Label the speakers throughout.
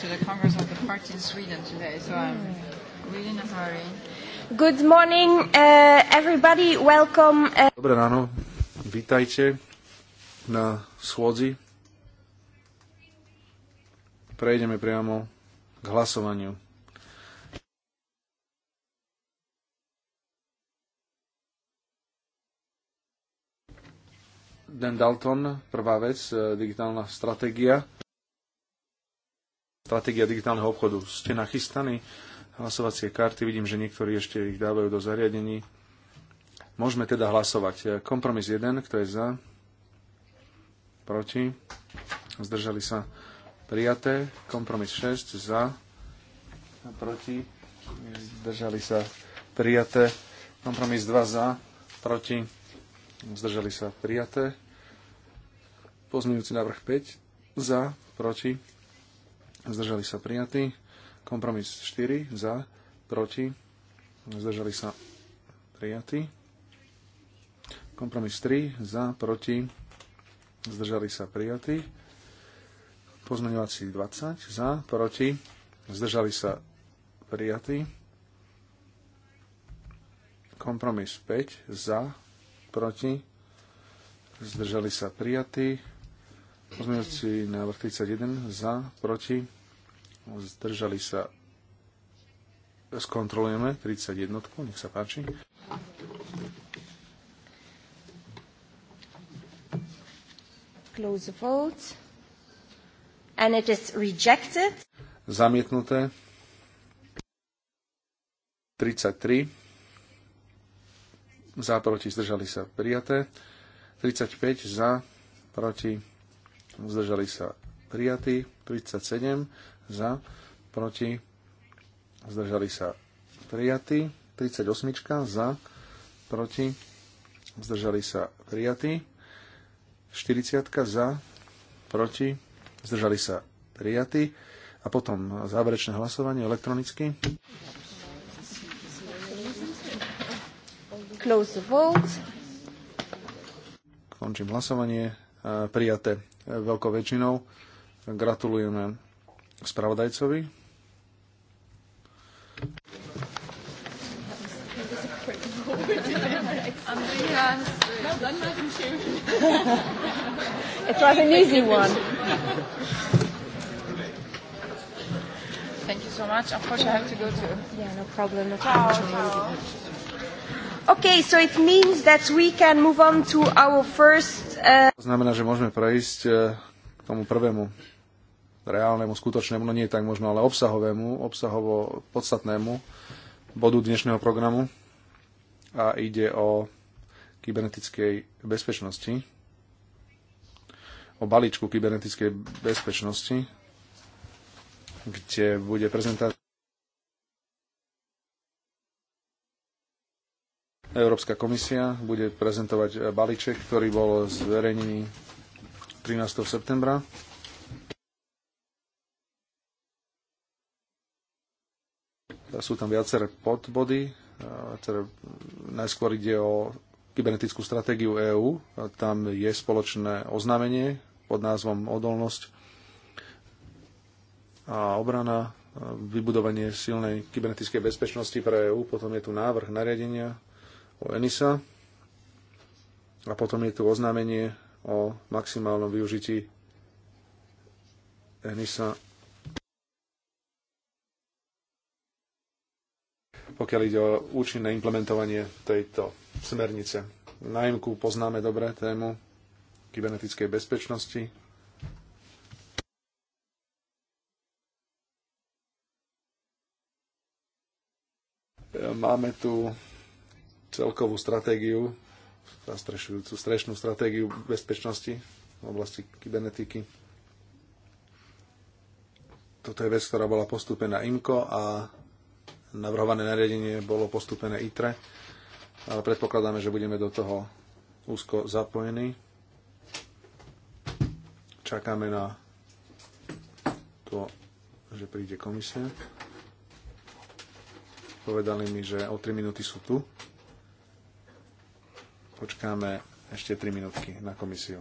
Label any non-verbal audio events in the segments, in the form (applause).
Speaker 1: to the Congress of the Party in Sweden today, so I'm hmm. really in a hurry. Good morning, uh, everybody. Welcome. Uh...
Speaker 2: Dobré ráno. Vítajte na schôdzi. Prejdeme priamo k hlasovaniu. Dan Dalton, prvá vec, eh, digitálna stratégia stratégia digitálneho obchodu. Ste nachystaní hlasovacie karty, vidím, že niektorí ešte ich dávajú do zariadení. Môžeme teda hlasovať. Kompromis 1, kto je za? Proti? Zdržali sa prijaté. Kompromis 6, za? Proti? Zdržali sa prijaté. Kompromis 2 za, proti, zdržali sa prijaté. Pozmeňujúci návrh 5 za, proti, zdržali sa prijatí. Kompromis 4 za, proti, zdržali sa prijatí. Kompromis 3 za, proti, zdržali sa prijatí. Pozmeňovací 20 za, proti, zdržali sa prijatí. Kompromis 5 za, proti, zdržali sa prijatí Pozmeňujúci návrh 31 za, proti, zdržali sa. Skontrolujeme 31, nech sa páči.
Speaker 3: Close the vote. And it is rejected.
Speaker 2: Zamietnuté. 33. Za, proti, zdržali sa. Prijaté. 35 za, proti, zdržali sa prijatí, 37 za, proti, zdržali sa prijatí, 38 za, proti, zdržali sa prijatí, 40 za, proti, zdržali sa prijatí a potom záverečné hlasovanie elektronicky.
Speaker 3: Close the vote.
Speaker 2: Končím hlasovanie prijaté veľkou väčšinou. Gratulujeme spravodajcovi.
Speaker 3: an easy one.
Speaker 1: Thank you so much. I have to go Yeah, no problem. No Okay, so it means that we can move on to our first Eh,
Speaker 2: to znamená, že môžeme prejsť eh, k tomu prvému reálnemu, skutočnému, no nie tak možno, ale obsahovému, obsahovo podstatnému bodu dnešného programu. A ide o kybernetickej bezpečnosti, o balíčku kybernetickej bezpečnosti, kde bude prezentácia Európska komisia bude prezentovať balíček, ktorý bol zverejnený 13. septembra. Sú tam viaceré podbody. najskôr ide o kybernetickú stratégiu EÚ. Tam je spoločné oznámenie pod názvom Odolnosť a obrana, vybudovanie silnej kybernetickej bezpečnosti pre EÚ. Potom je tu návrh nariadenia o ENISA a potom je tu oznámenie o maximálnom využití ENISA pokiaľ ide o účinné implementovanie tejto smernice. Na IMKU poznáme dobre tému kybernetickej bezpečnosti. Máme tu celkovú stratégiu, zastrešujúcu strešnú stratégiu bezpečnosti v oblasti kybernetiky. Toto je vec, ktorá bola postúpená IMCO a navrhované nariadenie bolo postúpené ITRE. Ale predpokladáme, že budeme do toho úzko zapojení. Čakáme na to, že príde komisia. Povedali mi, že o 3 minúty sú tu. Počkáme ešte 3 minútky na komisiu.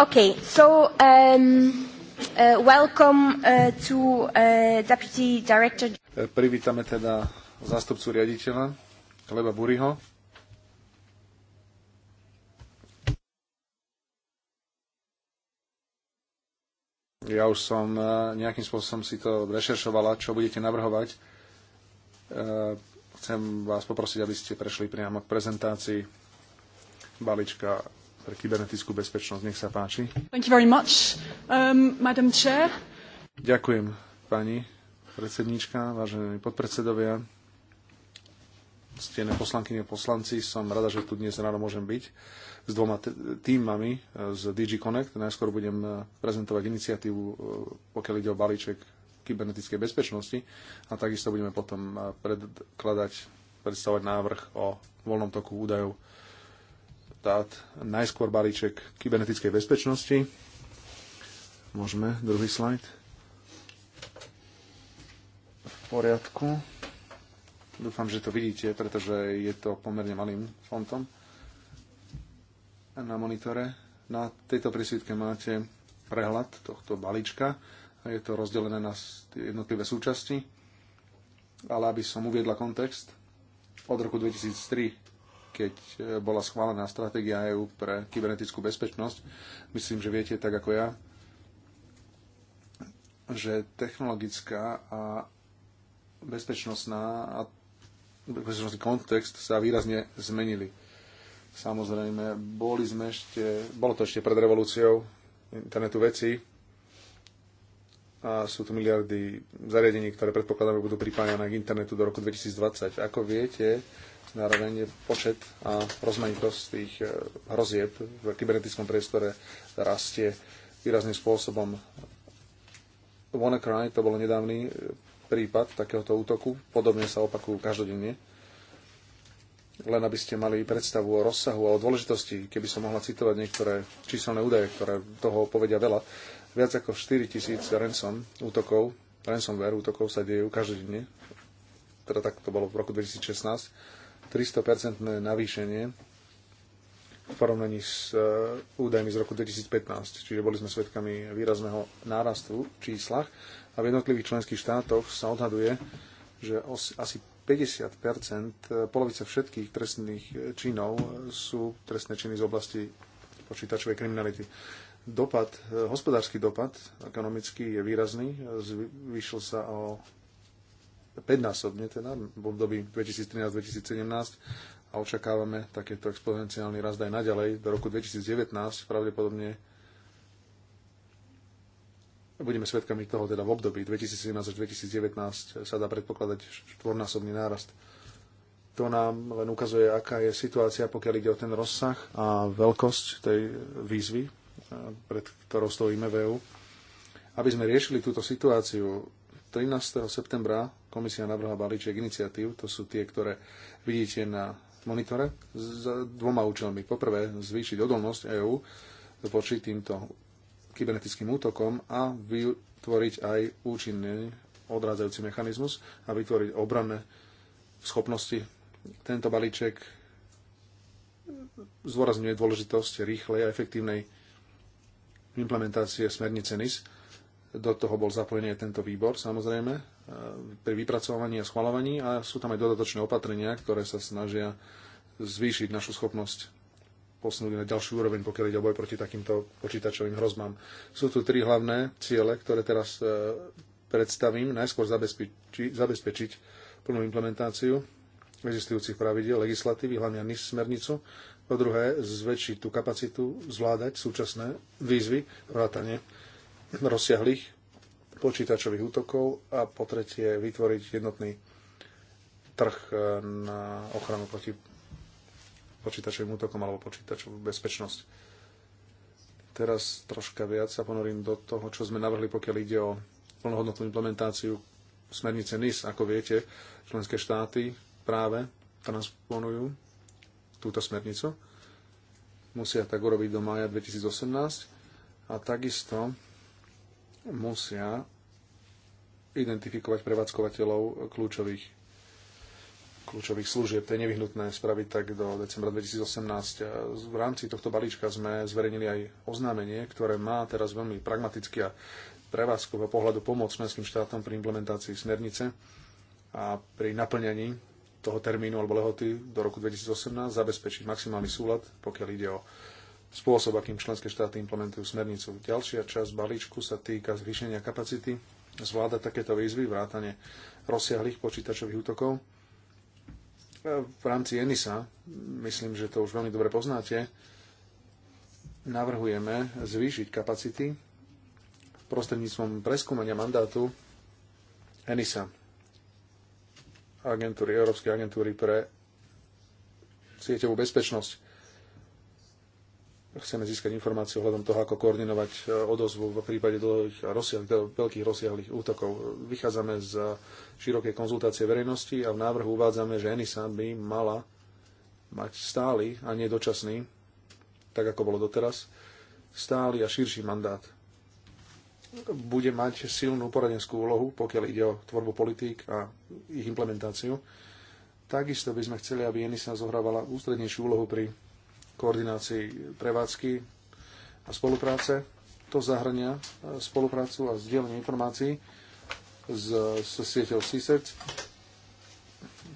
Speaker 3: Okay, so um, uh, welcome uh, to uh, Deputy Director.
Speaker 2: E, privítame teda zástupcu riaditeľa Kleba Buriho. Ja už som e, nejakým spôsobom si to rešeršovala, čo budete navrhovať. E, chcem vás poprosiť, aby ste prešli priamo k prezentácii balíčka pre kybernetickú bezpečnosť. Nech sa páči.
Speaker 3: Thank you very much, um, Madam Chair.
Speaker 2: Ďakujem, pani predsedníčka, vážení podpredsedovia, ctené poslankyne poslanci. Som rada, že tu dnes ráno môžem byť s dvoma týmami e, z DG Connect. Najskôr budem e, prezentovať iniciatívu, e, pokiaľ ide o balíček kybernetickej bezpečnosti a takisto budeme potom predkladať, predstavovať návrh o voľnom toku údajov štát najskôr balíček kybernetickej bezpečnosti. Môžeme, druhý slajd. V poriadku. Dúfam, že to vidíte, pretože je to pomerne malým fontom na monitore. Na tejto prísvitke máte prehľad tohto balíčka. Je to rozdelené na jednotlivé súčasti. Ale aby som uviedla kontext, od roku 2003 keď e, bola schválená stratégia EÚ pre kybernetickú bezpečnosť. Myslím, že viete tak ako ja, že technologická a bezpečnostná a bezpečnostný kontext sa výrazne zmenili. Samozrejme, boli sme ešte, bolo to ešte pred revolúciou internetu veci a sú tu miliardy zariadení, ktoré predpokladáme budú pripájane k internetu do roku 2020. Ako viete, zároveň počet a rozmanitosť tých e, hrozieb v kybernetickom priestore rastie výrazným spôsobom. WannaCry to bol nedávny e, prípad takéhoto útoku, podobne sa opakujú každodenne. Len aby ste mali predstavu o rozsahu a o dôležitosti, keby som mohla citovať niektoré číselné údaje, ktoré toho povedia veľa, viac ako 4 tisíc ransom útokov, ransomware útokov sa dejú každodenne, teda tak to bolo v roku 2016, 300-percentné navýšenie v porovnaní s eh, údajmi z roku 2015. Čiže boli sme svedkami výrazného nárastu v číslach a v jednotlivých členských štátoch sa odhaduje, že asi 50 eh, polovica všetkých trestných eh, činov sú trestné činy z oblasti počítačovej kriminality. Dopad, hospodársky dopad ekonomický je výrazný, zvyšil sa o 5 teda v období 2013-2017 a očakávame takýto exponenciálny rast aj naďalej do roku 2019 pravdepodobne budeme svedkami toho, teda v období 2017 až 2019 sa dá predpokladať štvornásobný nárast. To nám len ukazuje, aká je situácia, pokiaľ ide o ten rozsah a veľkosť tej výzvy, pred ktorou stojíme v EU. Aby sme riešili túto situáciu, 13. septembra Komisia navrhla balíček iniciatív, to sú tie, ktoré vidíte na monitore, s dvoma účelmi. Poprvé, zvýšiť odolnosť EÚ voči týmto kybernetickým útokom a vytvoriť aj účinný odrádzajúci mechanizmus a vytvoriť obranné schopnosti. Tento balíček zdôrazňuje dôležitosť rýchlej a efektívnej implementácie smernice NIS do toho bol zapojený aj tento výbor, samozrejme, e, pri vypracovaní a schvalovaní a sú tam aj dodatočné opatrenia, ktoré sa snažia zvýšiť našu schopnosť posunúť na ďalšiu úroveň, pokiaľ ide o boj proti takýmto počítačovým hrozbám. Sú tu tri hlavné ciele, ktoré teraz e, predstavím. Najskôr zabezpeči, zabezpečiť plnú implementáciu existujúcich pravidel, legislatívy, hlavne NIS smernicu. Po druhé, zväčšiť tú kapacitu zvládať súčasné výzvy, vrátanie rozsiahlých počítačových útokov a po tretie vytvoriť jednotný trh eh, na ochranu proti počítačovým útokom alebo počítačovú bezpečnosť. Teraz troška viac sa ponorím do toho, čo sme navrhli, pokiaľ ide o plnohodnotnú implementáciu smernice NIS. Ako viete, členské štáty práve transponujú túto smernicu. Musia tak urobiť do mája 2018 a takisto musia identifikovať prevádzkovateľov kľúčových, kľúčových služieb. To je nevyhnutné spraviť tak do decembra 2018. V rámci tohto balíčka sme zverejnili aj oznámenie, ktoré má teraz veľmi pragmatický a prevádzkového pohľadu pomôcť členským štátom pri implementácii smernice a pri naplňaní toho termínu alebo lehoty do roku 2018 zabezpečiť maximálny súlad, pokiaľ ide o spôsob, akým členské štáty implementujú smernicu. Ďalšia časť balíčku sa týka zvýšenia kapacity zvláda takéto výzvy, vrátane rozsiahlých počítačových útokov. E, v rámci ENISA, myslím, že to už veľmi dobre poznáte, navrhujeme zvýšiť kapacity prostredníctvom preskúmania mandátu ENISA, agentúry, Európskej agentúry pre sieťovú bezpečnosť chceme získať informáciu ohľadom toho, ako koordinovať e, odozvu v prípade dlhých a teda veľkých rozsiahlých útokov. Vychádzame z širokej konzultácie verejnosti a v návrhu uvádzame, že ENISA by mala mať stály a nie dočasný, tak ako bolo doteraz, stály a širší mandát. Bude mať silnú poradenskú úlohu, pokiaľ ide o tvorbu politík a ich implementáciu. Takisto by sme chceli, aby ENISA zohrávala ústrednejšiu úlohu pri koordinácii prevádzky a spolupráce. To zahrania e, spoluprácu a zdieľanie informácií s, s sieťou CISET.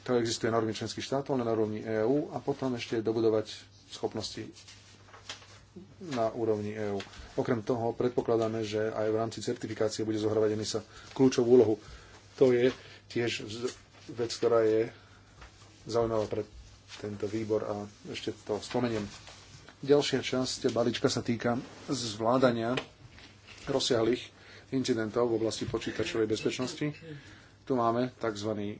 Speaker 2: To existuje na úrovni členských štátov, ale na úrovni EÚ a potom ešte dobudovať schopnosti na úrovni EÚ. Okrem toho predpokladáme, že aj v rámci certifikácie bude zohrávať sa kľúčovú úlohu. To je tiež vec, ktorá je zaujímavá pre tento výbor a ešte to spomeniem. Ďalšia časť balíčka sa týka zvládania rozsiahlých incidentov v oblasti počítačovej bezpečnosti. Tu máme tzv.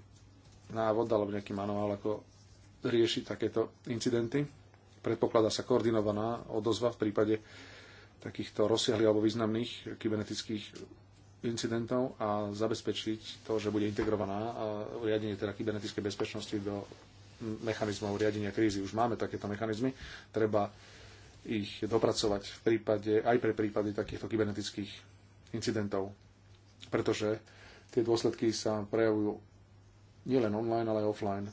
Speaker 2: návod alebo nejaký manuál, ako riešiť takéto incidenty. Predpokladá sa koordinovaná odozva v prípade takýchto rozsiahlých alebo významných kybernetických incidentov a zabezpečiť to, že bude integrovaná a riadenie teda kybernetickej bezpečnosti do mechanizmov riadenia krízy. Už máme takéto mechanizmy, treba ich dopracovať v prípade, aj pre prípady takýchto kybernetických incidentov. Pretože tie dôsledky sa prejavujú nielen online, ale aj offline.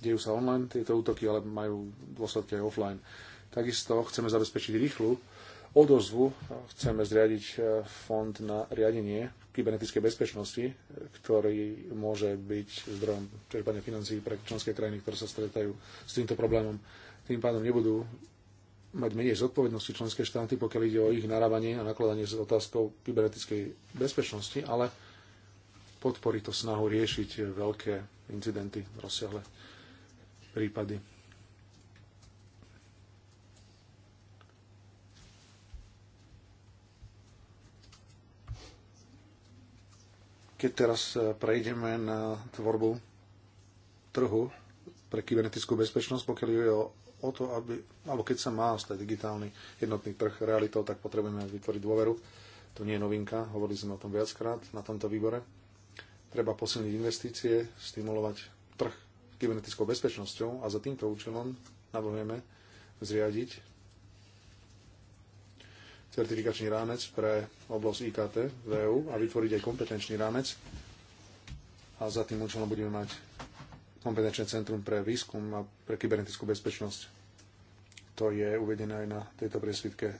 Speaker 2: Dejú sa online tieto útoky, ale majú dôsledky aj offline. Takisto chceme zabezpečiť rýchlu odozvu chceme zriadiť e, fond na riadenie kybernetickej bezpečnosti, ktorý môže byť zdrojom čerpania financií pre členské krajiny, ktoré sa stretajú s týmto problémom. Tým pádom nebudú mať menej zodpovednosti členské štáty, pokiaľ ide o ich narábanie a nakladanie s otázkou kybernetickej bezpečnosti, ale podporí to snahu riešiť veľké incidenty, rozsiahle prípady. Keď teraz e, prejdeme na tvorbu trhu pre kybernetickú bezpečnosť, pokiaľ je o, o to, aby, alebo keď sa má stať digitálny jednotný trh realitou, tak potrebujeme vytvoriť dôveru. To nie je novinka, hovorili sme o tom viackrát na tomto výbore. Treba posilniť investície, stimulovať trh kybernetickou bezpečnosťou a za týmto účelom navrhujeme zriadiť certifikačný rámec pre oblasť IKT v EU a vytvoriť aj kompetenčný rámec. A za tým účelom budeme mať kompetenčné centrum pre výskum a pre kybernetickú bezpečnosť. To je uvedené aj na tejto priesvitke.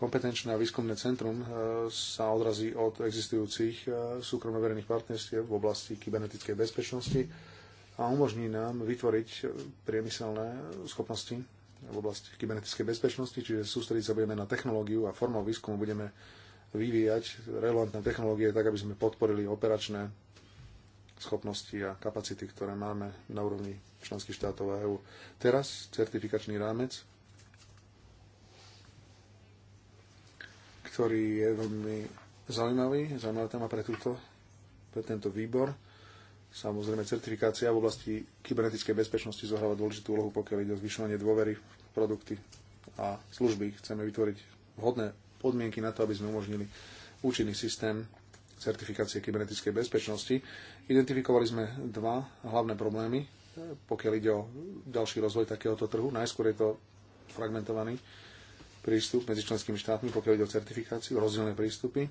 Speaker 2: Kompetenčné a výskumné centrum e, sa odrazí od existujúcich e, súkromnoverejných partnerstiev v oblasti kybernetickej bezpečnosti a umožní nám vytvoriť priemyselné schopnosti v oblasti kybernetickej bezpečnosti, čiže sústrediť sa budeme na technológiu a formou výskumu budeme vyvíjať relevantné technológie tak, aby sme podporili operačné schopnosti a kapacity, ktoré máme na úrovni členských štátov a EÚ. Teraz certifikačný rámec, ktorý je veľmi zaujímavý, zaujímavá téma pre, túto, pre tento výbor Samozrejme, certifikácia v oblasti kybernetickej bezpečnosti zohráva dôležitú úlohu, pokiaľ ide o zvyšovanie dôvery v produkty a služby. Chceme vytvoriť vhodné podmienky na to, aby sme umožnili účinný systém certifikácie kybernetickej bezpečnosti. Identifikovali sme dva hlavné problémy, pokiaľ ide o ďalší rozvoj takéhoto trhu. Najskôr je to fragmentovaný prístup medzi členskými štátmi, pokiaľ ide o certifikáciu, rozdielne prístupy.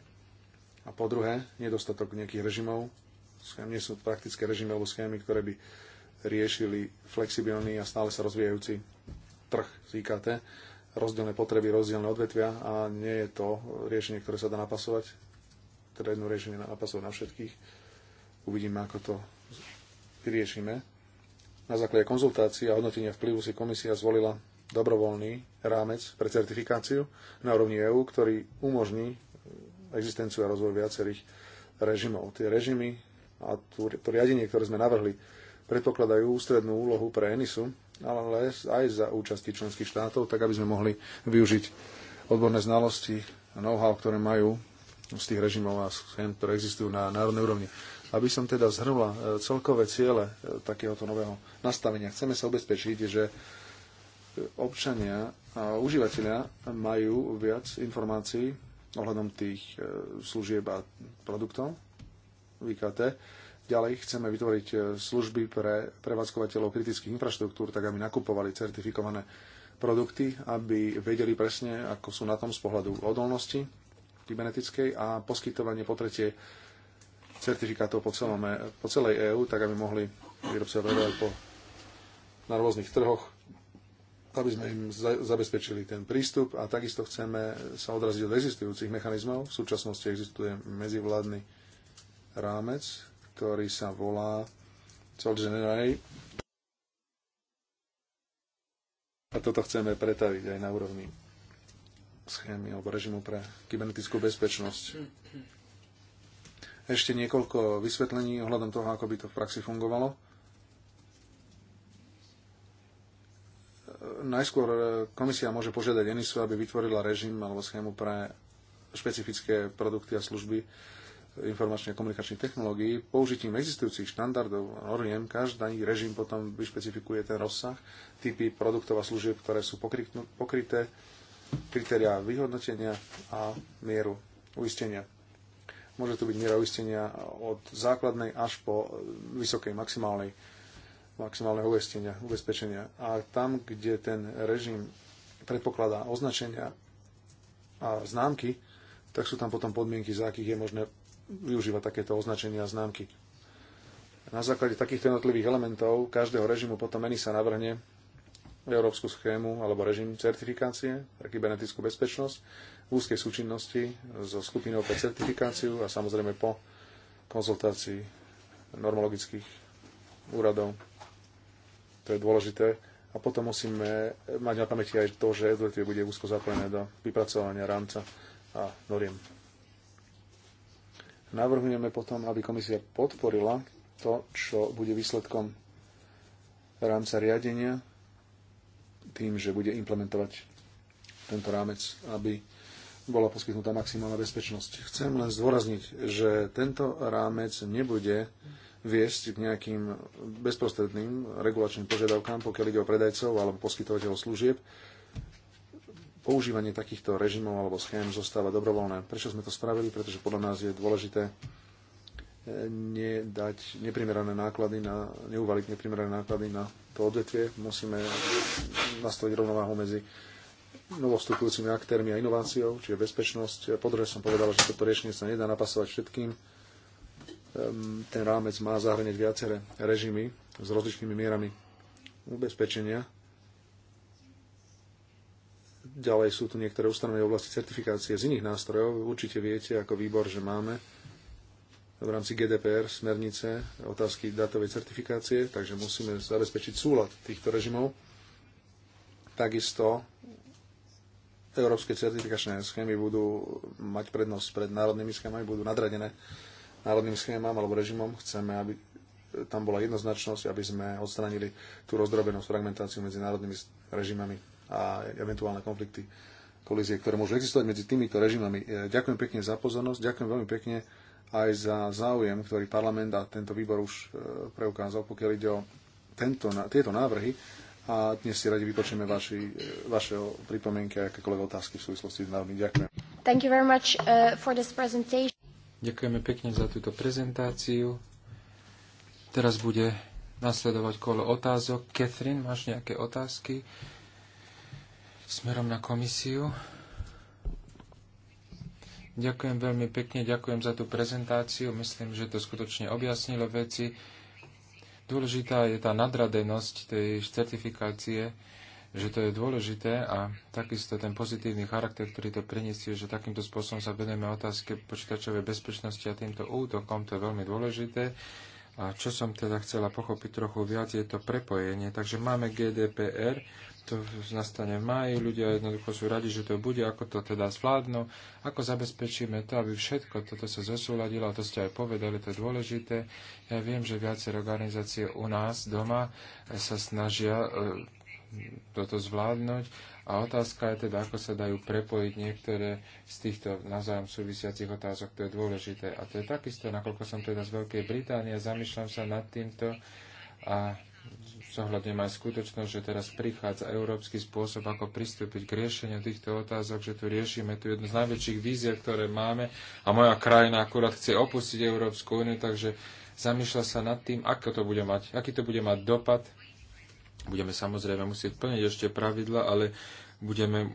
Speaker 2: A po druhé, nedostatok nejakých režimov, schémy, nie sú praktické režimy alebo schémy, ktoré by riešili flexibilný a stále sa rozvíjajúci trh z IKT, rozdielne potreby, rozdielne odvetvia a nie je to riešenie, ktoré sa dá napasovať, teda jedno riešenie na napasovať na všetkých. Uvidíme, ako to vyriešime. Na základe konzultácií a hodnotenia vplyvu si komisia zvolila dobrovoľný rámec pre certifikáciu na úrovni EÚ, ktorý umožní existenciu a rozvoj viacerých režimov. Tie režimy a tú, to riadenie, ktoré sme navrhli, predpokladajú ústrednú úlohu pre ENISu, ale aj za účasti členských štátov, tak aby sme mohli využiť odborné znalosti a know-how, ktoré majú z tých režimov a schém, ktoré existujú na národnej úrovni. Aby som teda zhrnula e, celkové ciele e, takéhoto nového nastavenia, chceme sa ubezpečiť, že občania a užívateľia majú viac informácií ohľadom tých e, služieb a produktov, VKT. Ďalej chceme vytvoriť e, služby pre prevádzkovateľov kritických infraštruktúr, tak aby nakupovali certifikované produkty, aby vedeli presne, ako sú na tom z pohľadu odolnosti kybernetickej a poskytovanie po tretie certifikátov po, celom, e, po celej EÚ, tak aby mohli výrobcovia predávať po, na rôznych trhoch, aby sme im za, zabezpečili ten prístup a takisto chceme sa odraziť od existujúcich mechanizmov. V súčasnosti existuje medzivládny rámec, ktorý sa volá Solženeraj. A toto chceme pretaviť aj na úrovni schémy alebo režimu pre kybernetickú bezpečnosť. Ešte niekoľko vysvetlení ohľadom toho, ako by to v praxi fungovalo. Najskôr komisia môže požiadať ENISu, aby vytvorila režim alebo schému pre špecifické produkty a služby, informačných a komunikačných technológií, použitím existujúcich štandardov a noriem, každý režim potom vyšpecifikuje ten rozsah, typy produktov a služieb, ktoré sú pokryté, kritéria vyhodnotenia a mieru uistenia. Môže to byť miera uistenia od základnej až po vysokej maximálnej maximálne uistenia, ubezpečenia. A tam, kde ten režim predpokladá označenia a známky, tak sú tam potom podmienky, za akých je možné využíva takéto označenia a známky. Na základe takýchto jednotlivých elementov každého režimu potom mení sa navrhne európsku schému alebo režim certifikácie pre kybernetickú bezpečnosť v úzkej súčinnosti so skupinou pre certifikáciu a samozrejme po konzultácii normologických úradov. To je dôležité. A potom musíme mať na pamäti aj to, že EDLTV bude úzko zapojené do vypracovania rámca a noriem. Navrhujeme potom, aby komisia podporila to, čo bude výsledkom rámca riadenia tým, že bude implementovať tento rámec, aby bola poskytnutá maximálna bezpečnosť. Chcem len zdôrazniť, že tento rámec nebude viesť k nejakým bezprostredným regulačným požiadavkám, pokiaľ ide o predajcov alebo poskytovateľov služieb, používanie takýchto režimov alebo schém zostáva dobrovoľné. Prečo sme to spravili? Pretože podľa nás je dôležité eh, nedať neprimerané náklady na, neuvaliť neprimerané náklady na to odvetvie. Musíme nastaviť rovnováhu medzi novostupujúcimi aktérmi a inováciou, čiže bezpečnosť. Po druhé som povedal, že toto riešenie sa nedá napasovať všetkým. Ehm, ten rámec má zahrňať viaceré režimy s rozličnými mierami ubezpečenia Ďalej sú tu niektoré ustanovenia v oblasti certifikácie z iných nástrojov. Určite viete ako výbor, že máme v rámci GDPR smernice otázky datovej certifikácie, takže musíme zabezpečiť súlad týchto režimov. Takisto európske certifikačné schémy budú mať prednosť pred národnými schémami, budú nadradené národným schémam alebo režimom. Chceme, aby tam bola jednoznačnosť, aby sme odstranili tú rozdrobenú fragmentáciu medzi národnými režimami a eventuálne konflikty, kolízie, ktoré môžu existovať medzi týmito režimami. E, ďakujem pekne za pozornosť, ďakujem veľmi pekne aj za záujem, ktorý parlament a tento výbor už e, preukázal, pokiaľ ide o tento, tieto návrhy. A dnes si radi vypočujeme vaši, e, vaše pripomienky a akékoľvek otázky v súvislosti s nami. Ďakujem.
Speaker 1: Thank you very much, uh, for this presentation.
Speaker 3: Ďakujeme pekne za túto prezentáciu. Teraz bude nasledovať kolo otázok. Catherine, máš nejaké otázky? smerom na komisiu. Ďakujem veľmi pekne, ďakujem za tú prezentáciu. Myslím, že to skutočne objasnilo veci. Dôležitá je tá nadradenosť tej certifikácie, že to je dôležité a takisto ten pozitívny charakter, ktorý to priniesie, že takýmto spôsobom sa venujeme otázke počítačovej bezpečnosti a týmto útokom, to je veľmi dôležité. A čo som teda chcela pochopiť trochu viac, je to prepojenie. Takže máme GDPR, to nastane v maji, ľudia jednoducho sú radi, že to bude, ako to teda zvládnu, ako zabezpečíme to, aby všetko toto sa zosúladilo, a to ste aj povedali, to je dôležité. Ja viem, že viaceré organizácie u nás doma sa snažia e, toto zvládnuť a otázka je teda, ako sa dajú prepojiť niektoré z týchto navzájom súvisiacich otázok, to je dôležité. A to je takisto, nakoľko som teda z Veľkej Británie, zamýšľam sa nad týmto a zohľadňujem aj skutočnosť, že teraz prichádza európsky spôsob, ako pristúpiť k riešeniu týchto otázok, že tu riešime tu jednu z najväčších víziev, ktoré máme a moja krajina akurát chce opustiť Európsku úniu, takže zamýšľa sa nad tým, ako to bude mať, aký to bude mať dopad. Budeme samozrejme musieť plniť ešte pravidla, ale budeme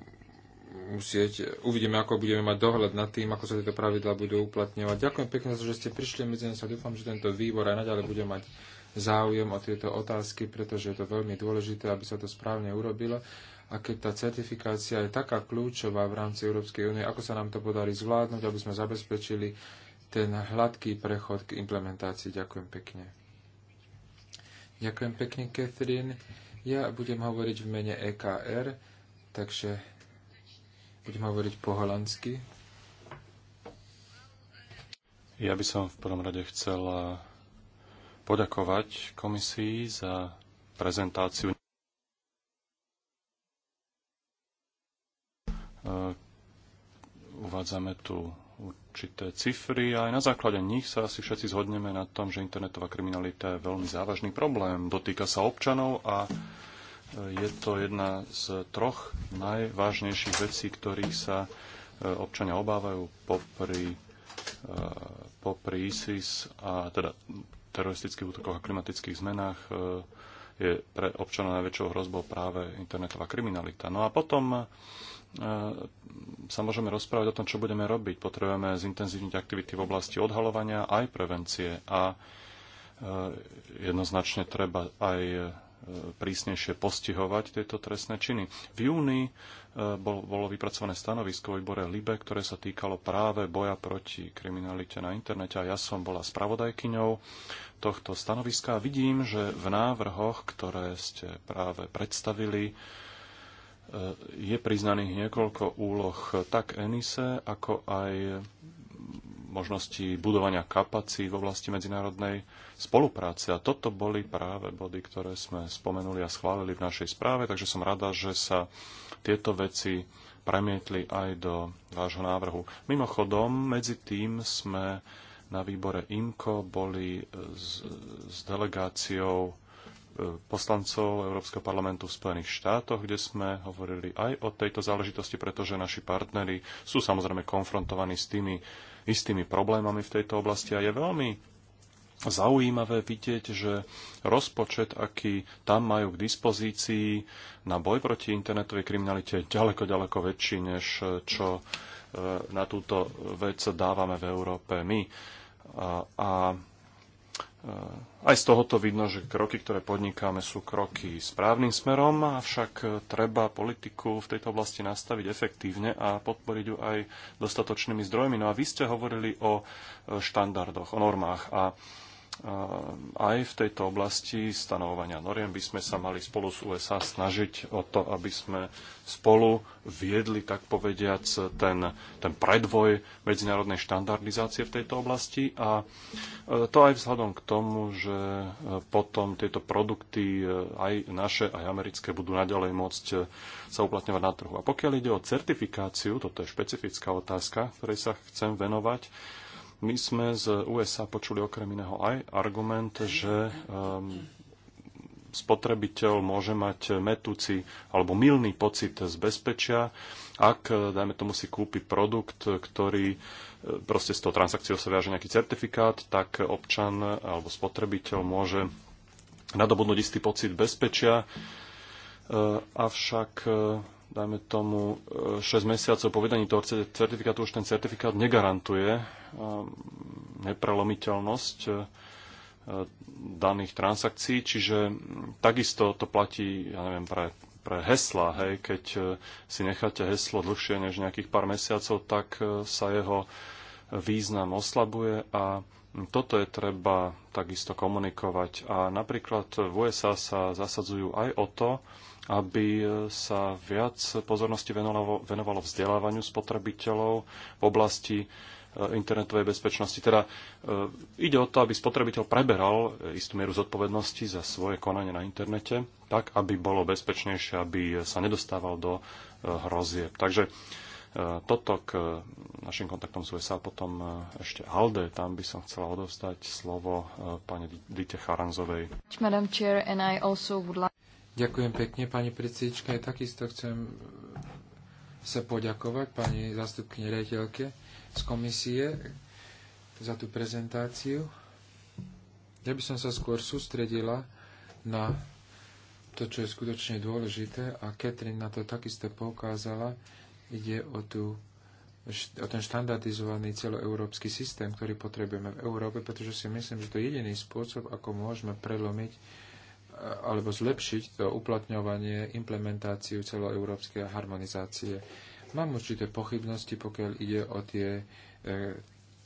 Speaker 3: musieť, uvidíme, ako budeme mať dohľad nad tým, ako sa tieto pravidlá budú uplatňovať. Ďakujem pekne za to, že ste prišli medzi nás a dúfam, že tento výbor aj naďalej bude mať záujem o tieto otázky, pretože je to veľmi dôležité, aby sa to správne urobilo. A keď tá certifikácia je taká kľúčová v rámci Európskej únie, ako sa nám to podarí zvládnuť, aby sme zabezpečili ten hladký prechod k implementácii. Ďakujem pekne. Ďakujem pekne, Catherine. Ja budem hovoriť v mene EKR, takže budem hovoriť po holandsky. Ja by som v prvom rade chcela
Speaker 1: poďakovať komisii za prezentáciu, e, uvádzame tu určité cifry a aj na základe nich sa asi všetci zhodneme na tom, že internetová kriminalita je veľmi závažný problém. Dotýka sa občanov a e, je to jedna z troch najvážnejších vecí, ktorých sa e, občania obávajú popri, popri ISIS a teda teroristických útokoch a klimatických zmenách e, je pre občanov najväčšou hrozbou práve internetová kriminalita. No a potom e, sa môžeme rozprávať o tom, čo budeme robiť. Potrebujeme zintenzívniť aktivity v oblasti odhalovania aj prevencie a e, jednoznačne treba aj prísnejšie postihovať tieto trestné činy. V júni e, bol, bolo vypracované stanovisko výbore LIBE, ktoré sa týkalo práve boja proti kriminalite na internete a ja som bola spravodajkyňou tohto stanoviska a vidím, že v návrhoch, ktoré ste práve predstavili, e, je priznaných niekoľko úloh tak Enise, ako aj možnosti budovania kapací v oblasti medzinárodnej spolupráce. A toto boli práve body, ktoré sme spomenuli a schválili v našej správe, takže som rada, že sa tieto veci premietli aj do vášho návrhu. Mimochodom, medzi tým sme na výbore IMCO boli s, s delegáciou poslancov Európskeho parlamentu v Spojených štátoch, kde sme hovorili aj o tejto záležitosti, pretože naši partnery sú samozrejme konfrontovaní s tými istými problémami v tejto oblasti a je veľmi zaujímavé vidieť, že rozpočet, aký tam majú k dispozícii na boj proti internetovej kriminalite, je ďaleko, ďaleko väčší, než čo e, na túto vec dávame v Európe my. A, a aj z tohoto vidno, že kroky, ktoré podnikáme, sú kroky správnym smerom, avšak treba politiku v tejto oblasti nastaviť efektívne a podporiť ju aj dostatočnými zdrojmi. No a vy ste hovorili o štandardoch, o normách a aj v tejto oblasti stanovovania noriem by sme sa mali spolu s USA snažiť o to, aby sme spolu viedli, tak povediac, ten, ten predvoj medzinárodnej štandardizácie v tejto oblasti a e, to aj vzhľadom k tomu, že e, potom tieto produkty e, aj naše, aj americké budú naďalej môcť sa uplatňovať na trhu. A pokiaľ ide o certifikáciu, toto je špecifická otázka, ktorej sa chcem venovať, my sme z USA počuli okrem iného aj argument, že ehm, spotrebiteľ môže mať metúci alebo milný pocit z bezpečia, ak, dajme tomu, si kúpi produkt, ktorý e, proste z toho transakciou sa viaže nejaký certifikát, tak občan alebo spotrebiteľ môže nadobudnúť istý pocit bezpečia, e, avšak e, dajme tomu 6 e, mesiacov po vydaní toho certifikátu už ten certifikát negarantuje e, neprelomiteľnosť e, daných transakcií, čiže takisto to platí, ja neviem, pre, pre hesla, hej, keď si necháte heslo dlhšie než nejakých pár mesiacov, tak sa jeho význam oslabuje a toto je treba takisto komunikovať. A napríklad v USA sa zasadzujú aj o to, aby sa viac pozornosti venovalo, vzdelávaniu spotrebiteľov v oblasti e, internetovej bezpečnosti. Teda e, ide o to, aby spotrebiteľ preberal istú mieru zodpovednosti za svoje konanie na internete, tak aby bolo bezpečnejšie, aby sa nedostával do e, hrozieb. Takže toto k e, našim kontaktom z USA, potom e, ešte Alde, tam by som chcela odovstať slovo e,
Speaker 3: pani Dite Charanzovej. Ďakujem pekne, pani predsednička. Takisto chcem sa poďakovať pani zastupkyni rejiteľke z komisie za tú prezentáciu. Ja by som sa skôr sústredila na to, čo je skutočne dôležité a Katrin na to takisto poukázala, ide o, tú, o ten štandardizovaný celoeurópsky systém, ktorý potrebujeme v Európe, pretože si myslím, že to je jediný spôsob, ako môžeme prelomiť e, alebo zlepšiť to uplatňovanie, implementáciu celoeurópskej harmonizácie. Mám určité pochybnosti, pokiaľ ide o tie, e,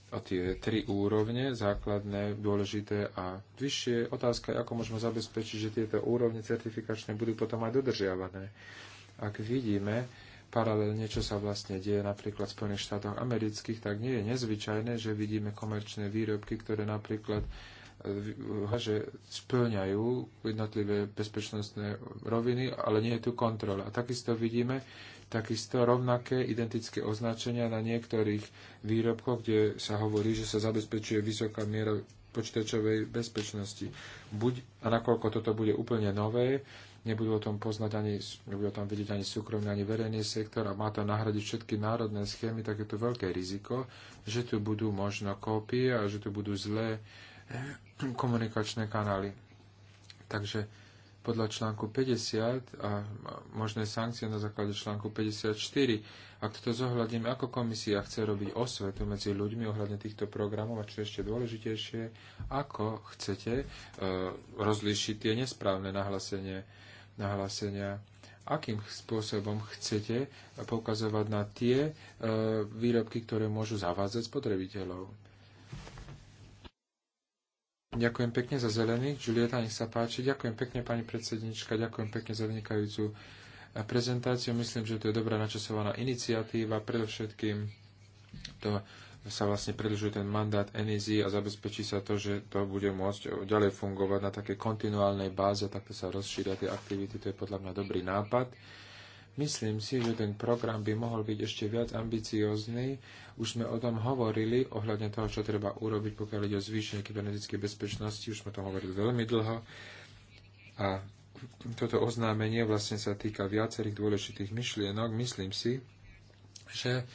Speaker 3: o tie tri úrovne, základné, dôležité a vyššie. Otázka je, ako môžeme zabezpečiť, že tieto úrovne certifikačné budú potom aj dodržiavané. Ak vidíme, paralelne, čo sa vlastne deje napríklad v Spojených štátoch amerických, tak nie je nezvyčajné, že vidíme komerčné výrobky, ktoré napríklad e, e, že splňajú jednotlivé bezpečnostné roviny, ale nie je tu kontrola. A takisto vidíme takisto rovnaké identické označenia na niektorých výrobkoch, kde sa hovorí, že sa zabezpečuje vysoká miera počítačovej bezpečnosti. Buď, a nakoľko toto bude úplne nové, nebudú o tom poznať ani, nebudú o tom vidieť ani súkromný, ani verejný sektor a má to nahradiť všetky národné schémy, tak je to veľké riziko, že tu budú možno kópie a že tu budú zlé eh, komunikačné kanály. Takže podľa článku 50 a možné sankcie na základe článku 54, ak toto zohľadíme, ako komisia chce robiť osvetu medzi ľuďmi ohľadne týchto programov a čo ešte dôležitejšie, ako chcete e, rozlíšiť tie nesprávne nahlásenie nahlásenia. Akým spôsobom chcete poukazovať na tie e, výrobky, ktoré môžu zavádzať spotrebiteľov? Ďakujem pekne za zelený, Julieta, nech sa páči. Ďakujem pekne, pani predsednička. Ďakujem pekne za vynikajúcu e, prezentáciu. Myslím, že to je dobrá načasovaná iniciatíva. Predovšetkým to sa vlastne predlžuje ten mandát NEZ a zabezpečí sa to, že to bude môcť ďalej fungovať na takej kontinuálnej báze, takto sa rozšíria tie aktivity, to je podľa mňa dobrý nápad. Myslím si, že ten program by mohol byť ešte viac ambiciózny. Už sme o tom hovorili, ohľadne toho, čo treba urobiť, pokiaľ ide o zvýšenie kybernetickej bezpečnosti. Už sme to hovorili veľmi dlho. A toto oznámenie vlastne sa týka viacerých dôležitých myšlienok. Myslím si, že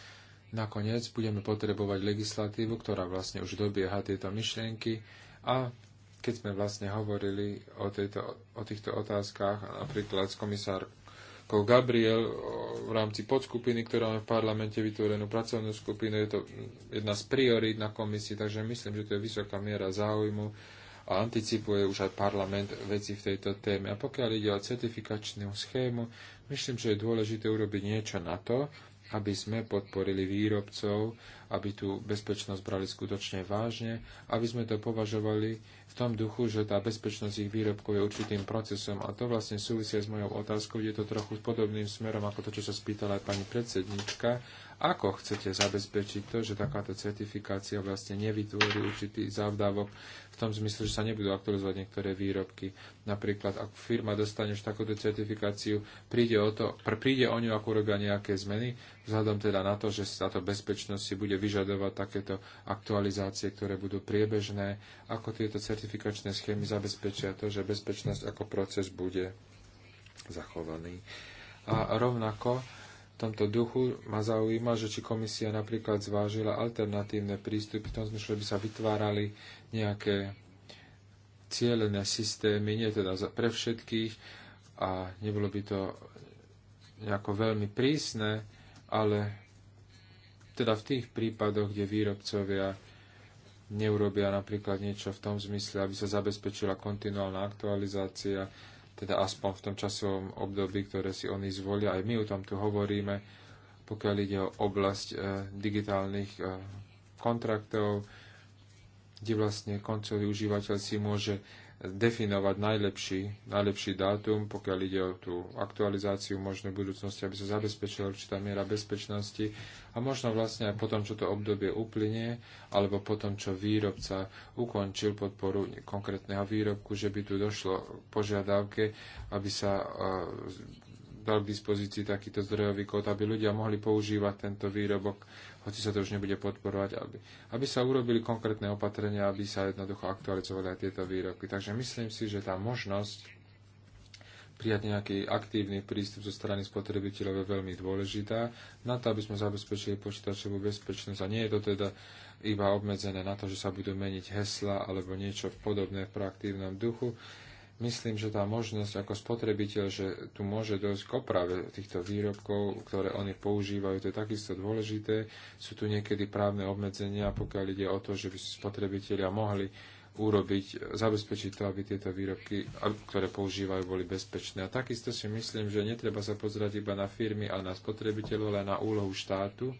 Speaker 3: nakoniec budeme potrebovať legislatívu, ktorá vlastne už dobieha tieto myšlienky a keď sme vlastne hovorili o, tejto, o týchto otázkach napríklad s komisárkou Gabriel v rámci podskupiny, ktorá má v parlamente vytvorenú pracovnú skupinu, je to jedna z priorít na komisii, takže myslím, že to je vysoká miera záujmu a anticipuje už aj parlament veci v tejto téme. A pokiaľ ide o certifikačnú schému, myslím, že je dôležité urobiť niečo na to, aby sme podporili výrobcov, aby tú bezpečnosť brali skutočne vážne, aby sme to považovali v tom duchu, že tá bezpečnosť ich výrobkov je určitým procesom. A to vlastne súvisia s mojou otázkou, je to trochu podobným smerom ako to, čo sa spýtala aj pani predsednička. Ako chcete zabezpečiť to, že takáto certifikácia vlastne nevytvorí určitý závdavok v tom zmysle, že sa nebudú aktualizovať niektoré výrobky. Napríklad, ak firma dostane takúto certifikáciu, príde o, to, príde o ňu, ako urobia nejaké zmeny, vzhľadom teda na to, že táto bezpečnosť si bude vyžadovať takéto aktualizácie, ktoré budú priebežné, ako tieto certifikačné schémy zabezpečia to, že bezpečnosť ako proces bude zachovaný. A rovnako tomto duchu ma zaujíma, že či komisia napríklad zvážila alternatívne prístupy, v tom zmysle by sa vytvárali nejaké cieľené systémy, nie teda pre všetkých a nebolo by to nejako veľmi prísne, ale teda v tých prípadoch, kde výrobcovia neurobia napríklad niečo v tom zmysle, aby sa zabezpečila kontinuálna aktualizácia, teda aspoň v tom časovom období, ktoré si oni zvolia. Aj my o tom tu hovoríme, pokiaľ ide o oblasť e, digitálnych e, kontraktov, kde vlastne koncový užívateľ si môže definovať najlepší, najlepší dátum, pokiaľ ide o tú aktualizáciu možno v budúcnosti, aby sa zabezpečila určitá miera bezpečnosti a možno vlastne aj potom, čo to obdobie uplynie, alebo potom, čo výrobca ukončil podporu konkrétneho výrobku, že by tu došlo k požiadavke, aby sa dal k dispozícii takýto zdrojový kód, aby ľudia mohli používať tento výrobok, hoci sa to už nebude podporovať, aby, aby sa urobili konkrétne opatrenia, aby sa jednoducho aktualizovali aj tieto výrobky. Takže myslím si, že tá možnosť prijať nejaký aktívny prístup zo strany spotrebiteľov je veľmi dôležitá na to, aby sme zabezpečili počítačovú bezpečnosť. A nie je to teda iba obmedzené na to, že sa budú meniť hesla alebo niečo podobné v proaktívnom duchu, myslím, že tá možnosť ako spotrebiteľ, že tu môže dojsť k oprave týchto výrobkov, ktoré oni používajú, to je takisto dôležité. Sú tu niekedy právne obmedzenia, pokiaľ ide o to, že by spotrebitelia mohli urobiť, zabezpečiť to, aby tieto výrobky, ktoré používajú, boli bezpečné. A takisto si myslím, že netreba sa pozerať iba na firmy a na spotrebiteľov, ale na úlohu štátu.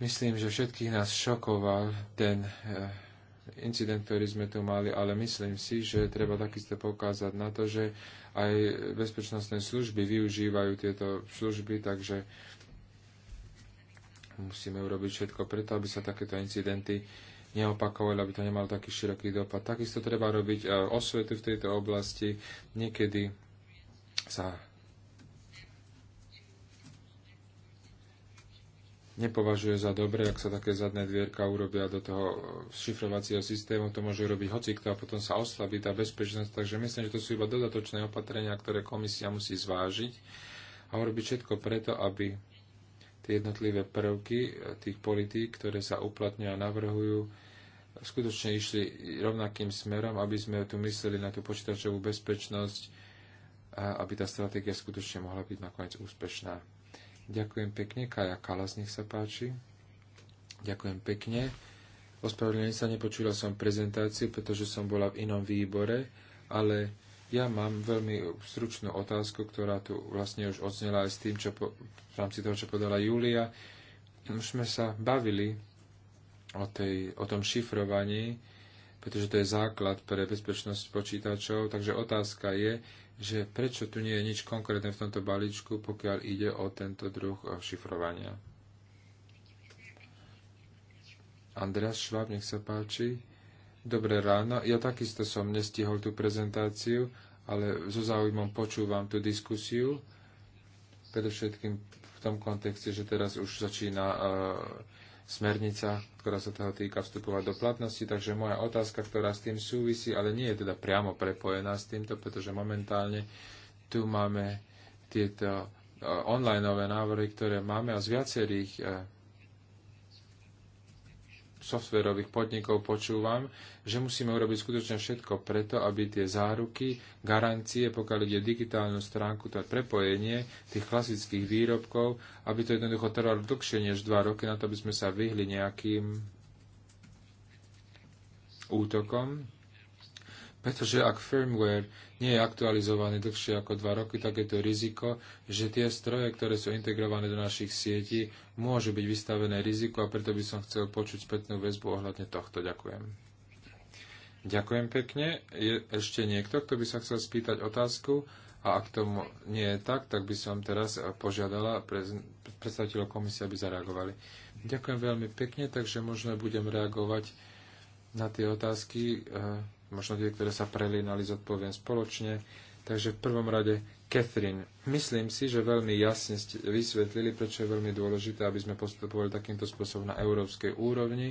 Speaker 3: Myslím, že všetkých nás šokoval ten eh, incident, ktorý sme tu mali, ale myslím si, že treba takisto poukázať na to, že aj bezpečnostné služby využívajú tieto služby, takže musíme urobiť všetko preto, aby sa takéto incidenty neopakovali, aby to nemalo taký široký dopad. Takisto treba robiť e, osvetu v tejto oblasti. Niekedy sa nepovažuje za dobré, ak sa také zadné dvierka urobia do toho e, šifrovacieho systému, to môže robiť hocikto a potom sa oslabí tá bezpečnosť. Takže myslím, že to sú iba dodatočné opatrenia, ktoré komisia musí zvážiť a urobiť všetko preto, aby tie jednotlivé prvky e, tých politík, ktoré sa uplatňujú a navrhujú, skutočne išli rovnakým smerom, aby sme tu mysleli na tú počítačovú bezpečnosť, a aby tá stratégia skutočne mohla byť nakoniec úspešná. Ďakujem pekne. Kaja Kalas, nech sa páči. Ďakujem pekne. Ospravedlňujem sa, nepočula som prezentáciu, pretože som bola v inom výbore, ale ja mám veľmi stručnú otázku, ktorá tu vlastne už odznela aj s tým, čo po, v rámci toho, čo podala Julia. Už sme sa bavili o, tej, o tom šifrovaní, pretože to je základ pre bezpečnosť počítačov, takže otázka je, že prečo tu nie je nič konkrétne v tomto balíčku, pokiaľ ide o tento druh e, šifrovania. Andreas Schwab, nech sa páči. Dobré ráno. Ja takisto som nestihol tú prezentáciu, ale so záujmom počúvam tú diskusiu. Predovšetkým v tom kontexte, že teraz už začína uh, smernica, ktorá sa toho týka vstupovať do platnosti, takže moja otázka, ktorá s tým súvisí, ale nie je teda priamo prepojená s týmto, pretože momentálne tu máme tieto eh, onlineové návrhy, ktoré máme a z viacerých eh, softverových podnikov počúvam, že musíme urobiť skutočne všetko preto, aby tie záruky, garancie, pokiaľ ide digitálnu stránku, to prepojenie tých klasických výrobkov, aby to jednoducho trvalo dlhšie než dva roky, na to aby sme sa vyhli nejakým útokom pretože ak firmware nie je aktualizovaný dlhšie ako 2 roky, tak je to riziko, že tie stroje, ktoré sú integrované do našich sietí, môžu byť vystavené riziku a preto by som chcel počuť spätnú väzbu ohľadne tohto. Ďakujem. Ďakujem pekne. Je ešte niekto, kto by sa chcel spýtať otázku? A ak tomu nie je tak, tak by som teraz požiadala predstaviteľov komisie, aby zareagovali. Ďakujem veľmi pekne, takže možno budem reagovať na tie otázky eh, možno tie, ktoré sa prelínali, zodpoviem spoločne. Takže v prvom rade Catherine. Myslím si, že veľmi jasne ste vysvetlili, prečo je veľmi dôležité, aby sme postupovali takýmto spôsobom na európskej úrovni.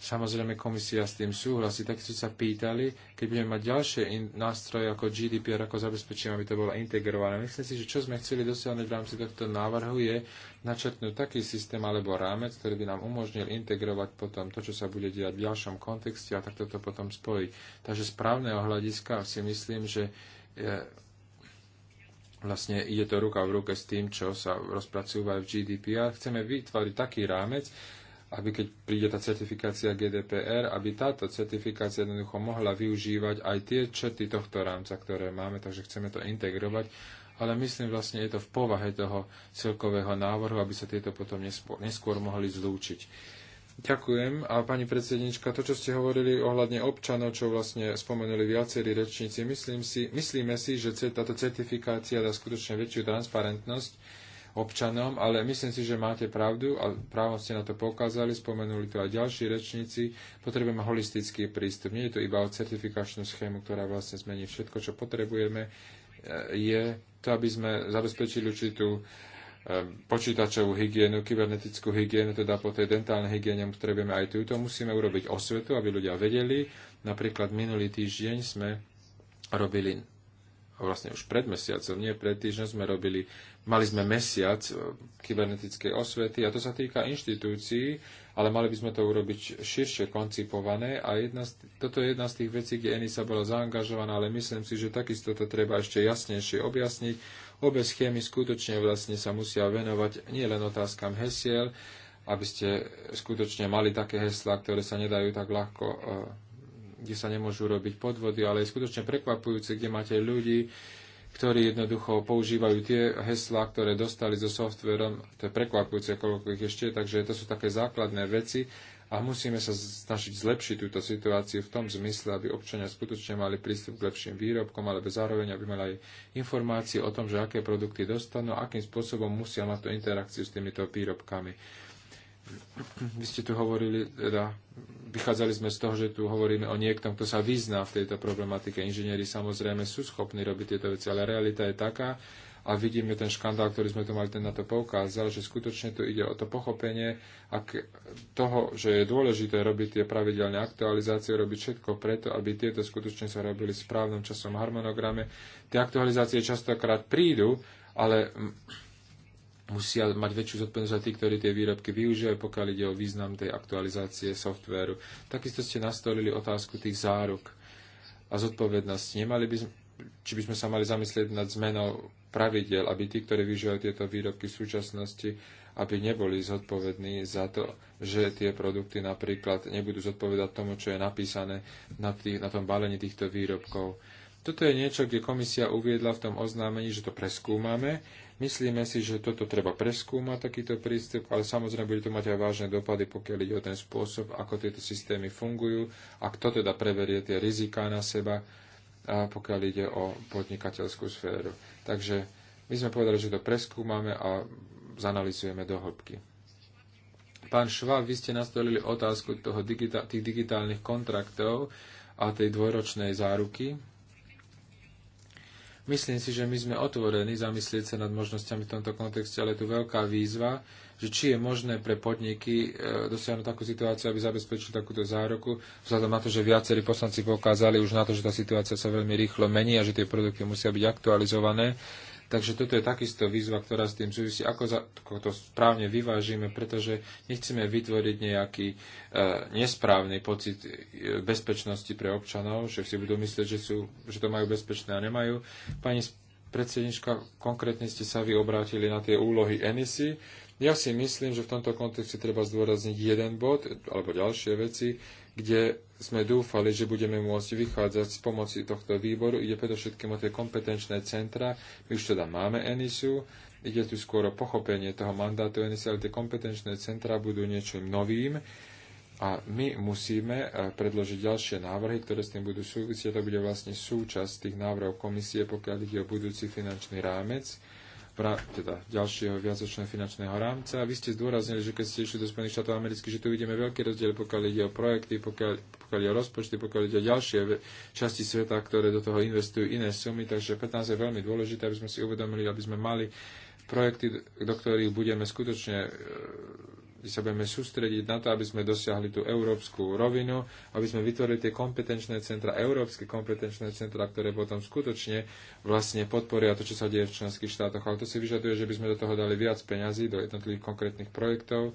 Speaker 3: Samozrejme, komisia s tým súhlasí. Takisto sa pýtali, keď budeme mať ďalšie nástroje ako GDPR, ako zabezpečíme, aby to bolo integrované. Myslím si, že čo sme chceli dosiahnuť v rámci tohto návrhu je načrtnúť taký systém alebo rámec, ktorý by nám umožnil integrovať potom to, čo sa bude diať v ďalšom kontexte a takto to potom spojiť. Takže z právneho hľadiska si myslím, že e, vlastne ide to ruka v ruke s tým, čo sa rozpracúva v GDPR. Chceme vytvoriť taký rámec, aby keď príde tá certifikácia GDPR, aby táto certifikácia jednoducho mohla využívať aj tie črty tohto rámca, ktoré máme, takže chceme to integrovať, ale myslím vlastne je to v povahe toho celkového návrhu, aby sa tieto potom neskôr, neskôr mohli zlúčiť. Ďakujem. A pani predsednička, to, čo ste hovorili ohľadne občanov, čo vlastne spomenuli viacerí rečníci, myslím si, myslíme si, že táto certifikácia dá skutočne väčšiu transparentnosť občanom, ale myslím si, že máte pravdu a právom ste na to poukázali, spomenuli to aj ďalší rečníci. Potrebujeme holistický prístup. Nie je to iba o certifikačnú schému, ktorá vlastne zmení všetko, čo potrebujeme. E, je to, aby sme zabezpečili určitú e, počítačovú hygienu, kybernetickú hygienu, teda po tej dentálnej hygiene potrebujeme aj túto. Musíme urobiť osvetu, aby ľudia vedeli. Napríklad minulý týždeň sme robili vlastne už pred mesiacom, nie pred týždňom sme robili, mali sme mesiac e, kybernetickej osvety a to sa týka inštitúcií, ale mali by sme to urobiť širšie koncipované a jedna z, toto je jedna z tých vecí, kde ENISA bola zaangažovaná, ale myslím si, že takisto to treba ešte jasnejšie objasniť. Obe schémy skutočne vlastne sa musia venovať nielen otázkam hesiel, aby ste skutočne mali také heslá, ktoré sa nedajú tak ľahko e, kde sa nemôžu robiť podvody, ale je skutočne prekvapujúce, kde máte ľudí, ktorí jednoducho používajú tie heslá, ktoré dostali so softverom. To je prekvapujúce, koľko ich ešte, takže to sú také základné veci a musíme sa snažiť zlepšiť túto situáciu v tom zmysle, aby občania skutočne mali prístup k lepším výrobkom, ale zároveň, aby mali aj informácie o tom, že aké produkty dostanú, akým spôsobom musia mať tú interakciu s týmito výrobkami vy ste tu hovorili, teda vychádzali sme z toho, že tu hovoríme o niektom, kto sa vyzná v tejto problematike. Inžinieri samozrejme sú schopní robiť tieto veci, ale realita je taká, a vidíme ten škandál, ktorý sme tu mali, ten na to poukázal, že skutočne tu ide o to pochopenie ak toho, že je dôležité robiť tie pravidelné aktualizácie, robiť všetko preto, aby tieto skutočne sa robili v správnom časom harmonograme. Tie aktualizácie častokrát prídu, ale musia mať väčšiu zodpovednosť aj tí, ktorí tie výrobky využívajú, pokiaľ ide o význam tej aktualizácie softvéru. Takisto ste nastolili otázku tých záruk a zodpovednosti. Nemali by, či by sme sa mali zamyslieť nad zmenou pravidel, aby tí, ktorí využívajú tieto výrobky v súčasnosti, aby neboli zodpovední za to, že tie produkty napríklad nebudú zodpovedať tomu, čo je napísané na, tých, na tom balení týchto výrobkov. Toto je niečo, kde komisia uviedla v tom oznámení, že to preskúmame Myslíme si, že toto treba preskúmať, takýto prístup, ale samozrejme bude to mať aj vážne dopady, pokiaľ ide o ten spôsob, ako tieto systémy fungujú a kto teda preverie tie riziká na seba, a pokiaľ ide o podnikateľskú sféru. Takže my sme povedali, že to preskúmame a zanalizujeme do hĺbky. Pán Šváb, vy ste nastolili otázku toho digita- tých digitálnych kontraktov a tej dvojročnej záruky. Myslím si, že my sme otvorení zamyslieť sa nad možnosťami v tomto kontexte, ale je tu veľká výzva, že či je možné pre podniky e, dosiahnuť takú situáciu, aby zabezpečili takúto zároku, vzhľadom na to, že viacerí poslanci poukázali už na to, že tá situácia sa veľmi rýchlo mení a že tie produkty musia byť aktualizované Takže toto je takisto výzva, ktorá s tým súvisí, ako, za, ako to správne vyvážime, pretože nechceme vytvoriť nejaký e, nesprávny pocit e, bezpečnosti pre občanov, že si budú myslieť, že, sú, že to majú bezpečné a nemajú. Pani predsednička, konkrétne ste sa vy obrátili na tie úlohy ENISY. Ja si myslím, že v tomto kontexte treba zdôrazniť jeden bod alebo ďalšie veci, kde sme dúfali, že budeme môcť vychádzať z pomoci tohto výboru. Ide predovšetkým o tie kompetenčné centra. My už teda máme ENISu. Ide tu skôr o pochopenie toho mandátu ENISu, ale tie kompetenčné centra budú niečím novým. A my musíme eh, predložiť ďalšie návrhy, ktoré s tým budú súvisieť. To bude vlastne súčasť tých návrhov komisie, pokiaľ ide o budúci finančný rámec teda ďalšieho viacročného finančného rámca. A vy ste zdôraznili, že keď ste išli do Spojených štátov amerických, že tu vidíme veľký rozdiel, pokiaľ ide o projekty, pokiaľ, pokiaľ ide o rozpočty, pokiaľ ide o ďalšie časti sveta, ktoré do toho investujú iné sumy. Takže pre nás je veľmi dôležité, aby sme si uvedomili, aby sme mali projekty, do ktorých budeme skutočne e, kde sa budeme sústrediť na to, aby sme dosiahli tú európsku rovinu, aby sme vytvorili tie kompetenčné centra, európske kompetenčné centra, ktoré potom skutočne vlastne podporia to, čo sa deje v členských štátoch. Ale to si vyžaduje, že by sme do toho dali viac peňazí do jednotlivých konkrétnych projektov.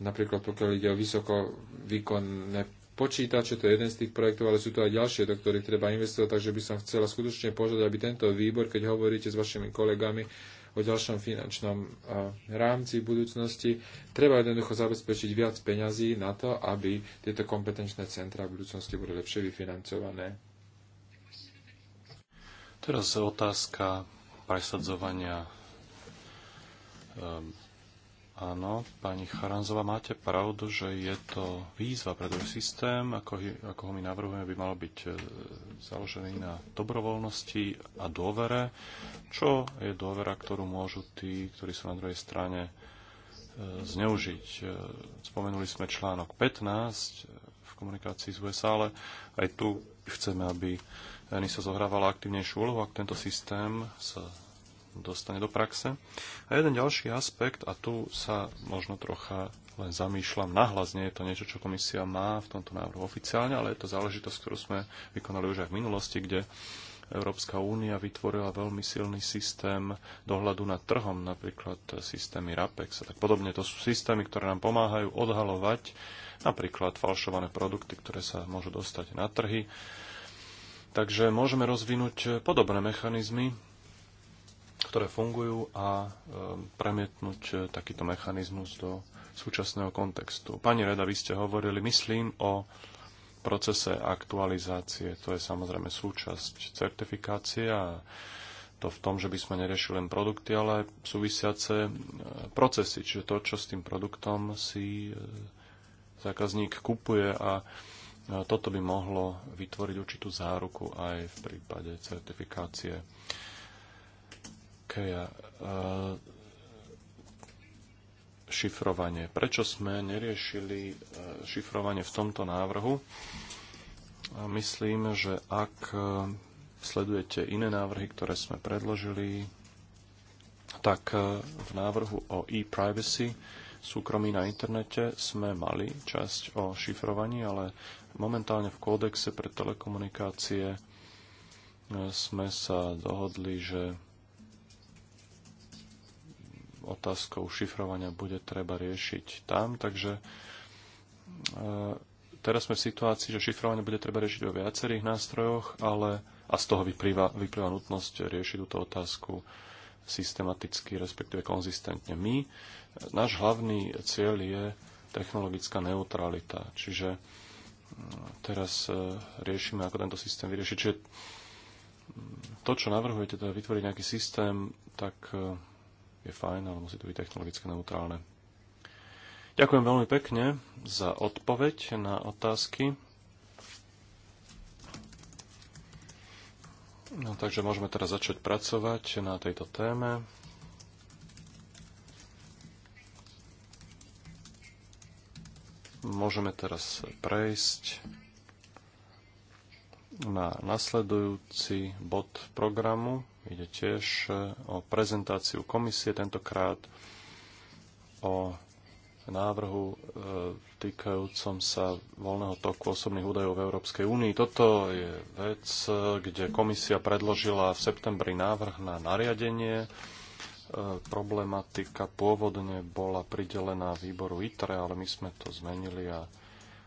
Speaker 3: Napríklad pokiaľ ide o vysoko výkonné počítače, to je jeden z tých projektov, ale sú to aj ďalšie, do ktorých treba investovať, takže by som chcela skutočne požiadať, aby tento výbor, keď hovoríte s vašimi kolegami, o ďalšom finančnom rámci v budúcnosti. Treba jednoducho zabezpečiť viac peňazí na to, aby tieto kompetenčné centra v budúcnosti boli lepšie vyfinancované. Teraz otázka
Speaker 1: presadzovania ehm, Áno, pani Charanzová, máte pravdu, že je to výzva, druhý systém, ako, ako ho my navrhujeme, by mal byť e, založený na dobrovoľnosti a dôvere. Čo je dôvera, ktorú môžu tí, ktorí sú na druhej strane, e, zneužiť? E, spomenuli sme článok 15 v komunikácii z USA, ale aj tu chceme, aby sa zohrávala aktívnejšiu úlohu, ak tento systém sa dostane do praxe. A jeden ďalší aspekt, a tu sa možno trocha len zamýšľam nahlas, nie je to niečo, čo komisia má v tomto návrhu oficiálne, ale je to záležitosť, ktorú sme vykonali už aj v minulosti, kde Európska únia vytvorila veľmi silný systém dohľadu nad trhom, napríklad systémy RAPEX a tak podobne. To sú systémy, ktoré nám pomáhajú odhalovať napríklad falšované produkty, ktoré sa môžu dostať na trhy. Takže môžeme rozvinúť podobné mechanizmy, ktoré fungujú a e, premietnúť takýto mechanizmus do súčasného kontextu. Pani Reda, vy ste hovorili, myslím, o procese aktualizácie. To je samozrejme súčasť certifikácie a to v tom, že by sme neriešili len produkty, ale súvisiace e, procesy, čiže to, čo s tým produktom si e, zákazník kupuje a toto by mohlo vytvoriť určitú záruku aj v prípade certifikácie nejaké e, šifrovanie. Prečo sme neriešili e, šifrovanie v tomto návrhu? Myslím, že ak e, sledujete iné návrhy, ktoré sme predložili, tak v návrhu o e-privacy súkromí na internete sme mali časť o šifrovaní, ale momentálne v kódexe pre telekomunikácie sme sa dohodli, že otázkou šifrovania bude treba riešiť tam. Takže e, teraz sme v situácii, že šifrovanie bude treba riešiť vo viacerých nástrojoch, ale a z toho vyplýva, vyplýva nutnosť riešiť túto otázku systematicky, respektíve konzistentne. My, náš hlavný cieľ je technologická neutralita, čiže e, teraz e, riešime, ako tento systém vyriešiť. Čiže to, čo navrhujete, teda vytvoriť nejaký systém, tak je fajn, ale musí to byť technologicky neutrálne. Ďakujem veľmi pekne za odpoveď na otázky. No, takže môžeme teraz začať pracovať na tejto téme. Môžeme teraz prejsť na nasledujúci bod programu, Ide tiež eh, o prezentáciu komisie, tentokrát o návrhu eh, týkajúcom sa voľného toku osobných údajov v Európskej únii. Toto je vec, eh, kde komisia predložila v septembri návrh na nariadenie. Problematika pôvodne bola pridelená výboru ITRE, ale my sme to zmenili a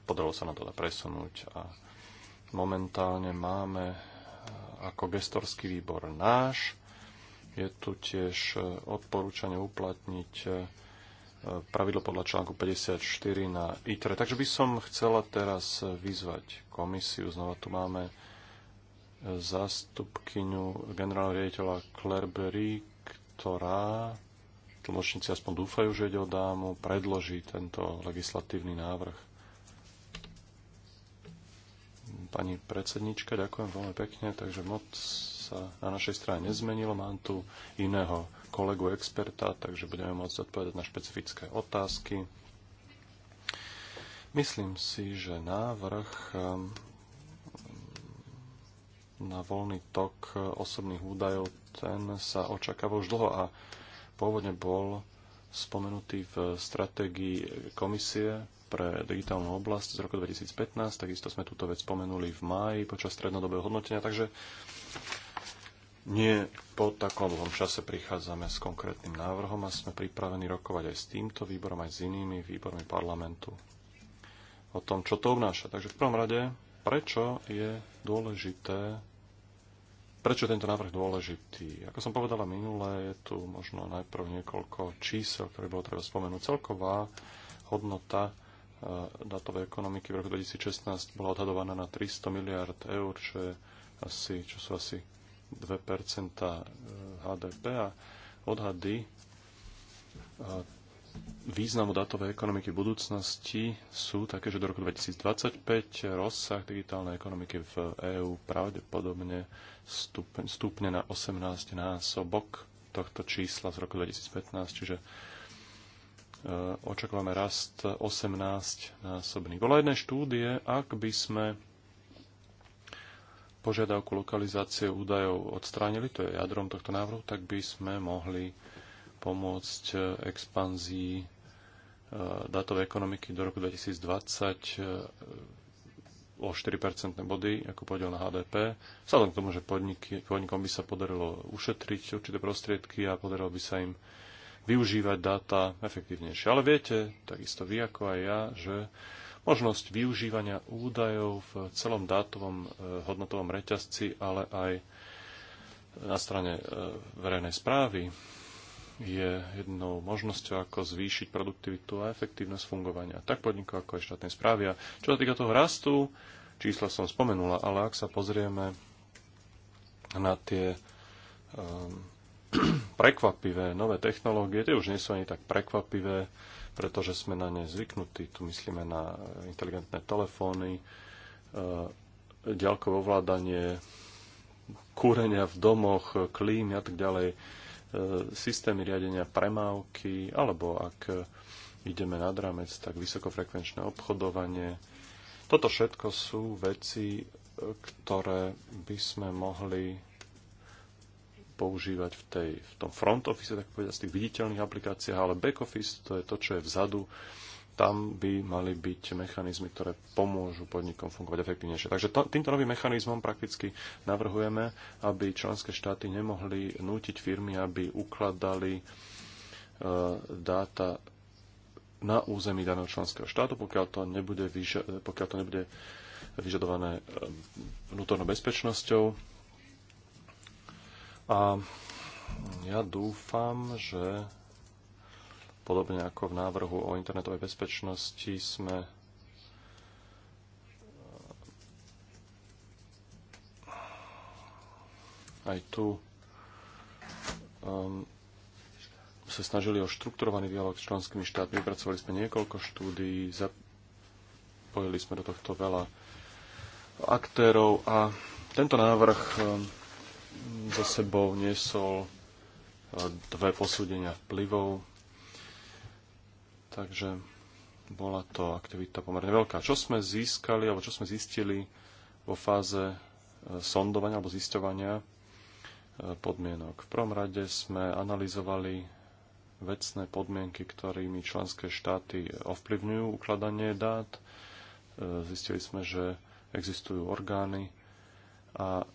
Speaker 1: podarilo sa nám to teda presunúť. A momentálne máme ako gestorský výbor náš. Je tu tiež e, odporúčanie uplatniť e, pravidlo podľa článku 54 na ITRE. Takže by som chcela teraz vyzvať komisiu. Znova tu máme e, zastupkyňu generálneho riaditeľa Klerbery, ktorá tlmočníci aspoň dúfajú, že ide o dámu, predloží tento legislatívny návrh pani predsednička, ďakujem veľmi pekne, takže moc sa na našej strane nezmenilo. Mám tu iného kolegu experta, takže budeme môcť odpovedať na špecifické otázky. Myslím si, že návrh ehm, na voľný tok osobných údajov, ten sa očakával už dlho a pôvodne bol spomenutý v stratégii komisie pre digitálnu oblasť z roku 2015. Takisto sme túto vec spomenuli v máji počas strednodobého hodnotenia, takže nie po takom dlhom čase prichádzame s konkrétnym návrhom a sme pripravení rokovať aj s týmto výborom, aj s inými výbormi parlamentu o tom, čo to obnáša. Takže v prvom rade, prečo je dôležité prečo je tento návrh dôležitý? Ako som povedala minule, je tu možno najprv niekoľko čísel, ktoré bolo treba spomenúť. Celková hodnota datovej ekonomiky v roku 2016 bola odhadovaná na 300 miliard eur, čo, je asi, čo sú asi 2 e, HDP a odhady e, významu datovej ekonomiky v budúcnosti sú také, že do roku 2025 rozsah digitálnej ekonomiky v EÚ pravdepodobne stúpne stupne na 18 násobok tohto čísla z roku 2015, čiže Eh, očakávame rast 18 násobný. Bola jedné štúdie, ak by sme požiadavku lokalizácie údajov odstránili, to je jadrom tohto návrhu, tak by sme mohli pomôcť eh, expanzii eh, dátovej ekonomiky do roku 2020 o 4% body, ako podiel na HDP. Vzhľadom k tomu, že podniky, podnikom by sa podarilo ušetriť určité prostriedky a podarilo by sa im využívať dáta efektívnejšie. Ale viete, takisto vy ako aj ja, že možnosť využívania údajov v celom dátovom e, hodnotovom reťazci, ale aj na strane e, verejnej správy je jednou možnosťou, ako zvýšiť produktivitu a efektívnosť fungovania tak podnikov, ako aj štátnej správy. A čo sa týka toho rastu, čísla som spomenula, ale ak sa pozrieme na tie um, (clears throat) prekvapivé nové technológie, tie už nie sú ani tak prekvapivé, pretože sme na ne zvyknutí. Tu myslíme na inteligentné telefóny, e, ďalkové ovládanie, kúrenia v domoch, klímy a tak ďalej, e, systémy riadenia premávky, alebo ak ideme na rámec, tak vysokofrekvenčné obchodovanie. Toto všetko sú veci, ktoré by sme mohli používať v, tej, v tom front office, tak povedať, z tých viditeľných aplikáciách, ale back office, to je to, čo je vzadu, tam by mali byť mechanizmy, ktoré pomôžu podnikom fungovať efektívnejšie. Takže to, týmto novým mechanizmom prakticky navrhujeme, aby členské štáty nemohli nútiť firmy, aby ukladali e, dáta na území daného členského štátu, pokiaľ to nebude, vyža- pokiaľ to nebude vyžadované e, vnútornou bezpečnosťou a ja dúfam, že podobne ako v návrhu o internetovej bezpečnosti sme eh, aj tu um, sa snažili o štrukturovaný dialog s členskými štátmi. Vypracovali sme niekoľko štúdií, zapojili sme do tohto veľa aktérov a tento návrh um, so sebou niesol e, dve posúdenia vplyvov, takže bola to aktivita pomerne veľká. Čo sme získali, alebo čo sme zistili vo fáze e, sondovania alebo zisťovania e, podmienok. V prvom rade sme analyzovali vecné podmienky, ktorými členské štáty ovplyvňujú ukladanie dát. Zistili sme, že existujú orgány, a e,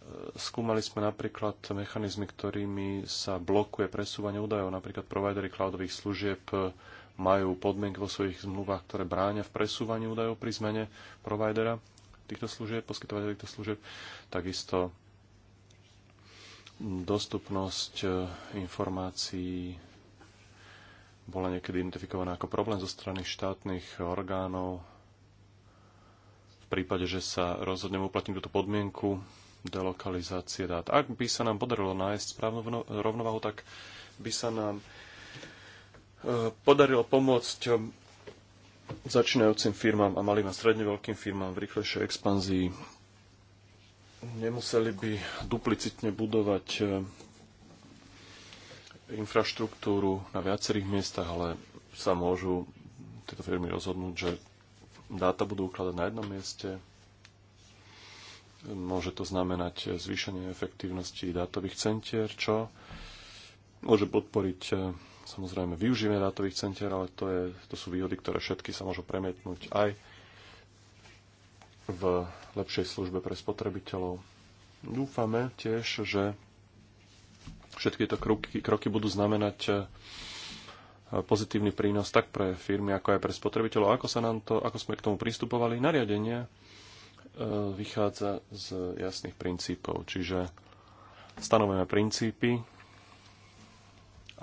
Speaker 1: skúmali sme napríklad mechanizmy, ktorými sa blokuje presúvanie údajov. Napríklad providery cloudových služieb e, majú podmienky vo svojich zmluvách, ktoré bráňa v presúvaní údajov pri zmene providera týchto služieb, poskytovateľ týchto služieb. Takisto dostupnosť e, informácií bola niekedy identifikovaná ako problém zo strany štátnych orgánov. V prípade, že sa rozhodnem uplatniť túto podmienku, delokalizácie dát. Ak by sa nám podarilo nájsť správnu rovnovahu, tak by sa nám e, podarilo pomôcť začínajúcim firmám a malým a stredne veľkým firmám v rýchlejšej expanzii. Nemuseli by duplicitne budovať e, infraštruktúru na viacerých miestach, ale sa môžu tieto firmy rozhodnúť, že dáta budú ukladať na jednom mieste, Môže to znamenať zvýšenie efektívnosti dátových centier, čo môže podporiť eh, samozrejme využívanie dátových centier, ale to, je, to sú výhody, ktoré všetky sa môžu premietnúť aj v lepšej službe pre spotrebiteľov. Dúfame tiež, že všetky tieto kroky, kroky budú znamenať eh, pozitívny prínos tak pre firmy, ako aj pre spotrebiteľov. Ako, sa nám to, ako sme k tomu pristupovali? Nariadenie E, vychádza z jasných princípov. Čiže stanovujeme princípy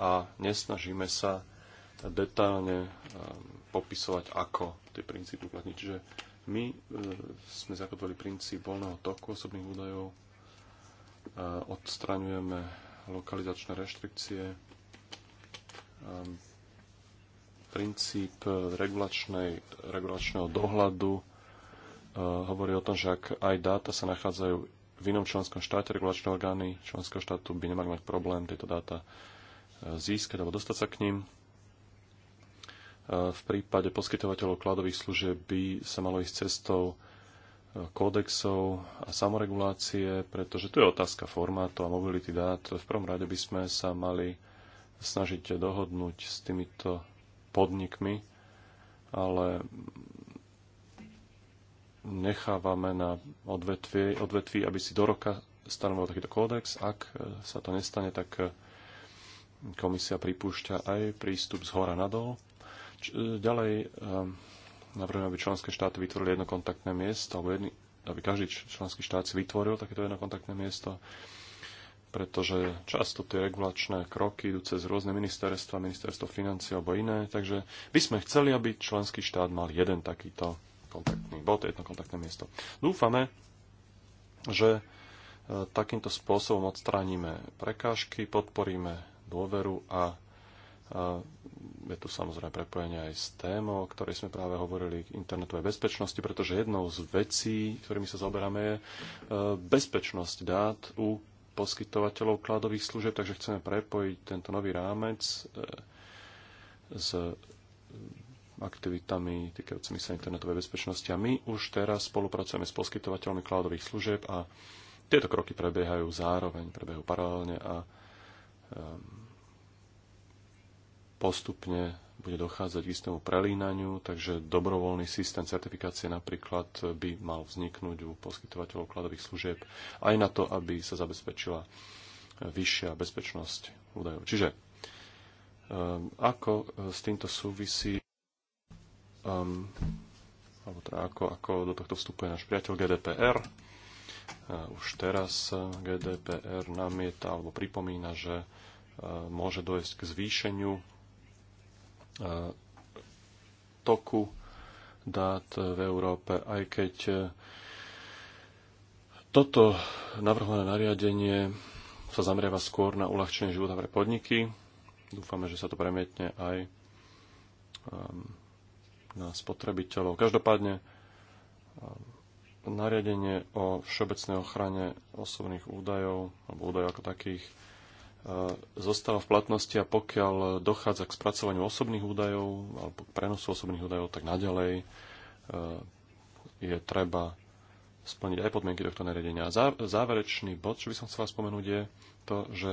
Speaker 1: a nesnažíme sa detálne e, popisovať, ako tie princípy uplatniť. Čiže my e, sme zakotvili princíp voľného toku osobných údajov, odstraňujeme lokalizačné reštrikcie, princíp regulačnej, regulačného dohľadu Eh, hovorí o tom, že ak aj dáta sa nachádzajú v inom členskom štáte, regulačné orgány členského štátu by nemali mať problém tieto dáta eh, získať alebo dostať sa k ním. Eh, v prípade poskytovateľov kladových služieb by sa malo ísť cestou kódexov a samoregulácie, pretože tu je otázka formátu a mobility dát. V prvom rade by sme sa mali snažiť dohodnúť s týmito podnikmi, ale nechávame na odvetví, aby si do roka stanovil takýto kódex. Ak e, sa to nestane, tak e, komisia pripúšťa aj prístup z hora nadol. E, ďalej navrhujem, aby členské štáty vytvorili jedno kontaktné miesto, alebo jedny, aby každý členský štát si vytvoril takéto jedno kontaktné miesto, pretože často tie regulačné kroky idú cez rôzne ministerstva, ministerstvo financie alebo iné, takže by sme chceli, aby členský štát mal jeden takýto kontaktný bod, jedno kontaktné miesto. Dúfame, že e, takýmto spôsobom odstránime prekážky, podporíme dôveru a a e, je tu samozrejme prepojenie aj s témou, o ktorej sme práve hovorili, k internetovej bezpečnosti, pretože jednou z vecí, ktorými sa zaoberáme, je e, bezpečnosť dát u poskytovateľov kladových služieb, takže chceme prepojiť tento nový rámec s aktivitami týkajúcimi sa internetovej bezpečnosti. A my už teraz spolupracujeme s poskytovateľmi cloudových služieb a tieto kroky prebiehajú zároveň, prebiehajú paralelne a ehm, postupne bude dochádzať k istému prelínaniu, takže dobrovoľný systém certifikácie napríklad by mal vzniknúť u poskytovateľov kladových služieb aj na to, aby sa zabezpečila e, vyššia bezpečnosť údajov. Čiže ehm, ako e, s týmto súvisí um, alebo teda ako, ako do tohto vstupuje náš priateľ GDPR. Ehm, už teraz GDPR namieta alebo pripomína, že ehm, môže dojsť k zvýšeniu toku dát v Európe, aj keď toto navrhované nariadenie sa zameriava skôr na uľahčenie života pre podniky. Dúfame, že sa to premietne aj na spotrebiteľov. Každopádne um, nariadenie o všeobecnej ochrane osobných údajov alebo údajov ako takých uh, zostáva v platnosti a pokiaľ dochádza k spracovaniu osobných údajov alebo k prenosu osobných údajov, tak naďalej uh, je treba splniť aj podmienky tohto nariadenia. Záverečný bod, čo by som chcel spomenúť, je to, že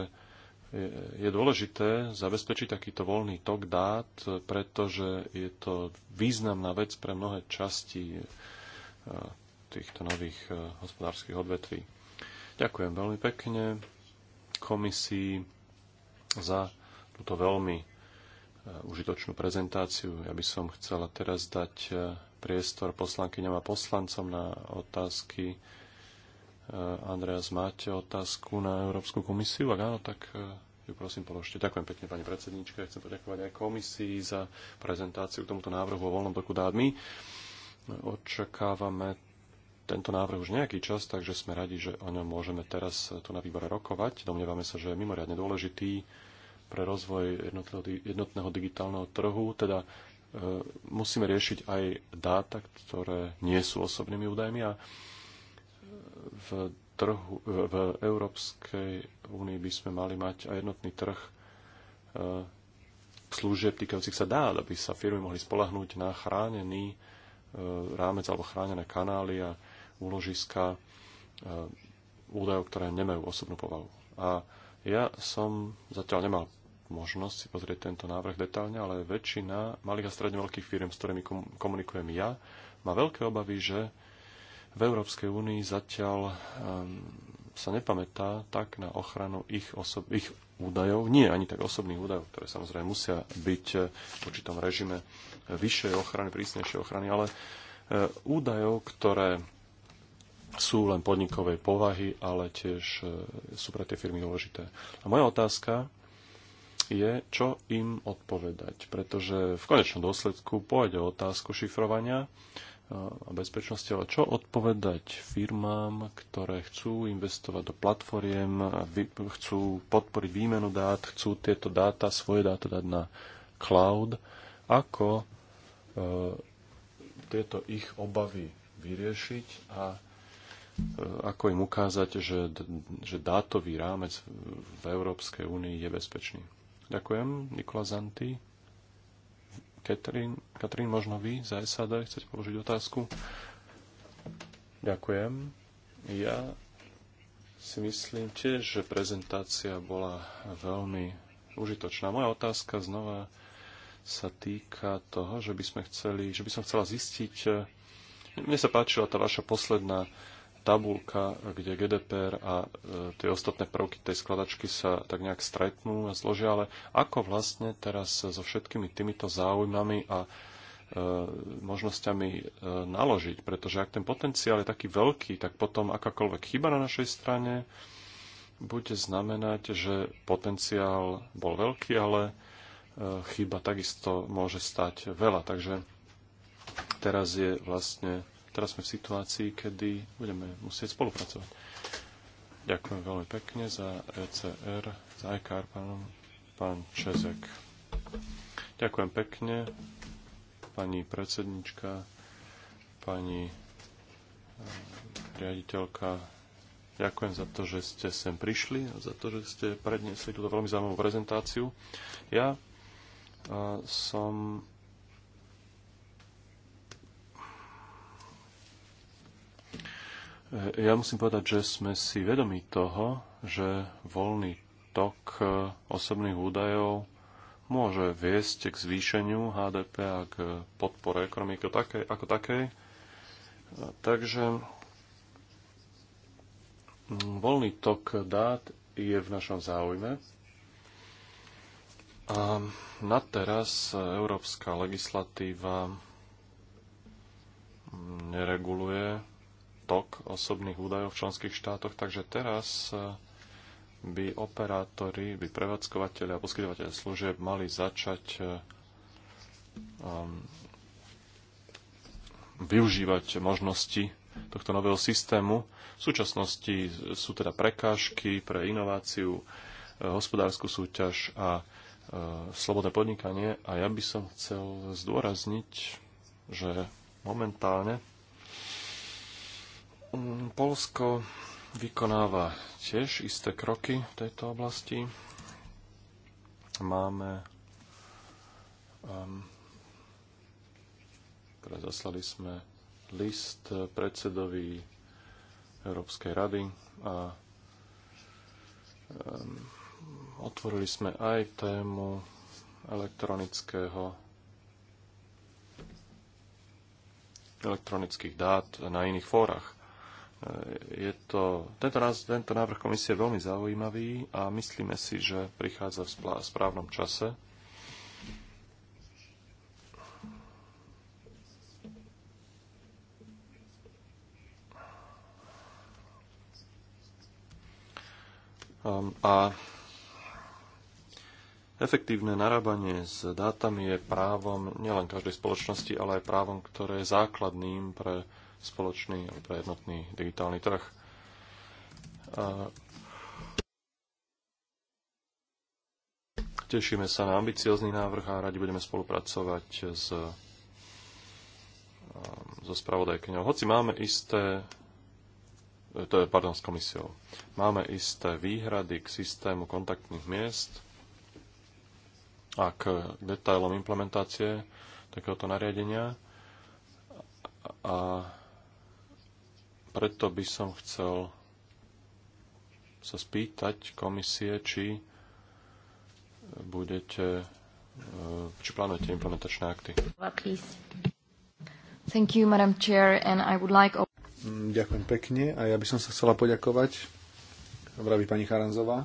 Speaker 1: je dôležité zabezpečiť takýto voľný tok dát, pretože je to významná vec pre mnohé časti e, týchto nových e, hospodárskych odvetví. Ďakujem veľmi pekne komisii za túto veľmi e, užitočnú prezentáciu. Ja by som chcela teraz dať priestor poslankyňam a poslancom na otázky Eh, Andreas, máte otázku na Európsku komisiu? Ak áno, tak eh, ju prosím položte. Ďakujem pekne pani predsedníčka. Chcem poďakovať aj komisii za prezentáciu k tomuto návrhu o voľnom toku dát. My očakávame tento návrh už nejaký čas, takže sme radi, že o ňom môžeme teraz tu na výbore rokovať. Domnievame sa, že je mimoriadne dôležitý pre rozvoj jednotného digitálneho trhu, teda eh, musíme riešiť aj dáta, ktoré nie sú osobnými údajmi a v, trhu, v Európskej únii by sme mali mať aj jednotný trh e, služieb týkajúcich sa dát, aby sa firmy mohli spolahnúť na chránený e, rámec alebo chránené kanály a úložiska e, údajov, ktoré nemajú osobnú povahu. A ja som zatiaľ nemal možnosť si pozrieť tento návrh detálne, ale väčšina malých a stredne veľkých firm, s ktorými komunikujem ja, má veľké obavy, že v Európskej únii zatiaľ um, sa nepamätá tak na ochranu ich, osob- ich údajov, nie ani tak osobných údajov, ktoré samozrejme musia byť eh, v určitom režime vyššej ochrany, prísnejšej ochrany, ale eh, údajov, ktoré sú len podnikovej povahy, ale tiež eh, sú pre tie firmy dôležité. A moja otázka je, čo im odpovedať, pretože v konečnom dôsledku pôjde o otázku šifrovania a bezpečnosti ale čo odpovedať firmám, ktoré chcú investovať do platformiem, chcú podporiť výmenu dát, chcú tieto dáta, svoje dáta dať na cloud, ako e, tieto ich obavy vyriešiť a e, ako im ukázať, že, že dátový rámec v Európskej únii je bezpečný. Ďakujem, Nikola Zanty, Katrin, Katrin, možno vy za SAD chcete položiť otázku? Ďakujem. Ja si myslím tiež, že prezentácia bola veľmi užitočná. Moja otázka znova sa týka toho, že by sme chceli, že by som chcela zistiť, mne sa páčila tá vaša posledná tabulka, kde GDPR a e, tie ostatné prvky tej skladačky sa tak nejak stretnú a zložia, ale ako vlastne teraz so všetkými týmito záujmami a e, možnosťami e, naložiť, pretože ak ten potenciál je taký veľký, tak potom akákoľvek chyba na našej strane bude znamenať, že potenciál bol veľký, ale chyba takisto môže stať veľa. Takže teraz je vlastne teraz sme v situácii, kedy budeme musieť spolupracovať. Ďakujem veľmi pekne za ECR, za EKR, pán, pán Čezek. Ďakujem pekne, pani predsednička, pani eh, riaditeľka. Ďakujem za to, že ste sem prišli a za to, že ste predniesli túto veľmi zaujímavú prezentáciu. Ja eh, som Ja musím povedať, že sme si vedomi toho, že voľný tok e, osobných údajov môže viesť k zvýšeniu HDP a k podpore ekonomiky ako takej. E, takže voľný tok dát je v našom záujme. A na teraz európska legislatíva nereguluje tok osobných údajov v členských štátoch, takže teraz eh, by operátori, by prevádzkovateľi a poskytovateľe služieb mali začať eh, um, využívať možnosti tohto nového systému. V súčasnosti sú teda prekážky pre inováciu, eh, hospodárskú súťaž a e, slobodné podnikanie. A ja by som chcel zdôrazniť, že momentálne Mm, Polsko vykonáva tiež isté kroky v tejto oblasti. Máme um, zaslali sme list predsedovi Európskej rady a um, otvorili sme aj tému elektronického elektronických dát na iných fórach. E, je to, tento, tento návrh komisie je veľmi zaujímavý a myslíme si, že prichádza v správnom čase. Um, a efektívne narábanie s dátami je právom nielen každej spoločnosti, ale aj právom, ktoré je základným pre spoločný alebo pre jednotný digitálny trh. Tešíme sa na ambiciózny návrh a radi budeme spolupracovať s, um, so spravodajkňou. Hoci máme isté e, to je, pardon, s komisiou. Máme isté výhrady k systému kontaktných miest a k detailom implementácie takéhoto nariadenia. A preto by som chcel sa spýtať komisie, či budete, e, či plánujete implementačné akty. Thank you, Madam Chair, and I would like... Mm, ďakujem pekne a ja by som sa chcela
Speaker 2: poďakovať, vraví pani Charanzová.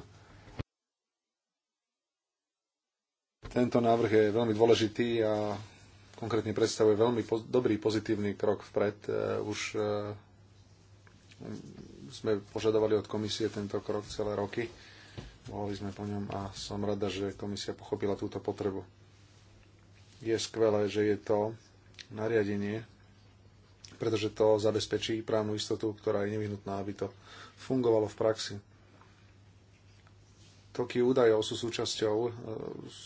Speaker 2: Tento návrh je veľmi dôležitý a konkrétne predstavuje veľmi dobrý pozitívny krok vpred. E, už e, sme požadovali od komisie tento krok celé roky. Volali sme po ňom a som rada, že komisia pochopila túto potrebu. Je skvelé, že je to nariadenie, pretože to zabezpečí právnu istotu, ktorá je nevyhnutná, aby to fungovalo v praxi. Toky údajov sú súčasťou e,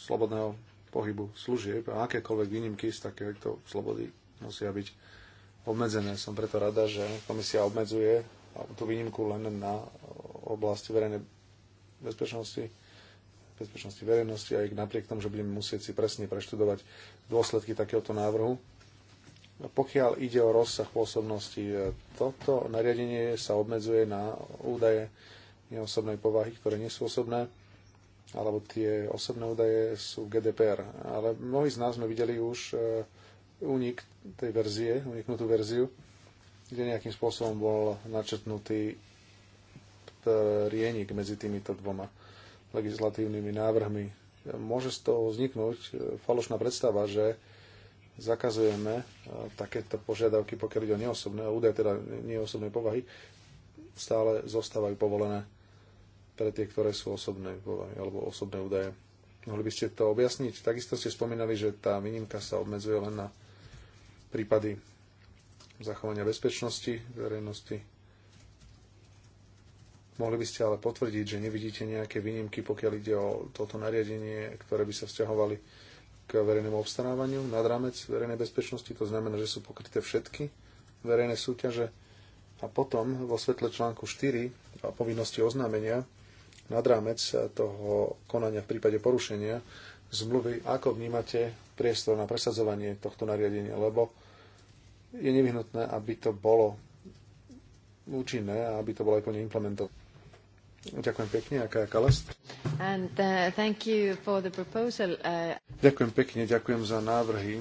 Speaker 2: slobodného pohybu služieb a akékoľvek výnimky z takéto slobody musia byť obmedzené. Som preto rada, že komisia obmedzuje tú výnimku len na oblasti verejnej bezpečnosti, bezpečnosti verejnosti, aj napriek tomu, že budeme musieť si presne preštudovať dôsledky takéhoto návrhu. Pokiaľ ide o rozsah pôsobnosti, toto nariadenie sa obmedzuje na údaje neosobnej povahy, ktoré nie sú osobné, alebo tie osobné údaje sú GDPR. Ale mnohí z nás sme videli už únik tej verzie, uniknutú verziu, kde nejakým spôsobom bol načrtnutý rienik medzi týmito dvoma legislatívnymi návrhmi. Môže z toho vzniknúť e, falošná predstava, že zakazujeme e, takéto požiadavky, pokiaľ ide o neosobné, údaje teda neosobnej povahy, stále zostávajú povolené pre tie, ktoré sú osobné povahy alebo osobné údaje. Mohli by ste to objasniť? Takisto ste spomínali, že tá výnimka sa obmedzuje len na prípady zachovania bezpečnosti verejnosti. Mohli by ste ale potvrdiť, že nevidíte nejaké výnimky, pokiaľ ide o toto nariadenie, ktoré by sa vzťahovali k verejnému obstarávaniu nad rámec verejnej bezpečnosti. To znamená, že sú pokryté všetky verejné súťaže. A potom vo svetle článku 4 a povinnosti oznámenia nad rámec toho konania v prípade porušenia zmluvy, ako vnímate priestor na presadzovanie tohto nariadenia, lebo je nevyhnutné, aby to bolo účinné a aby to bolo aj plne implementované. Ďakujem pekne, aká je Kalest.
Speaker 3: And, uh, thank you for the proposal, uh...
Speaker 2: Ďakujem pekne, ďakujem za návrhy.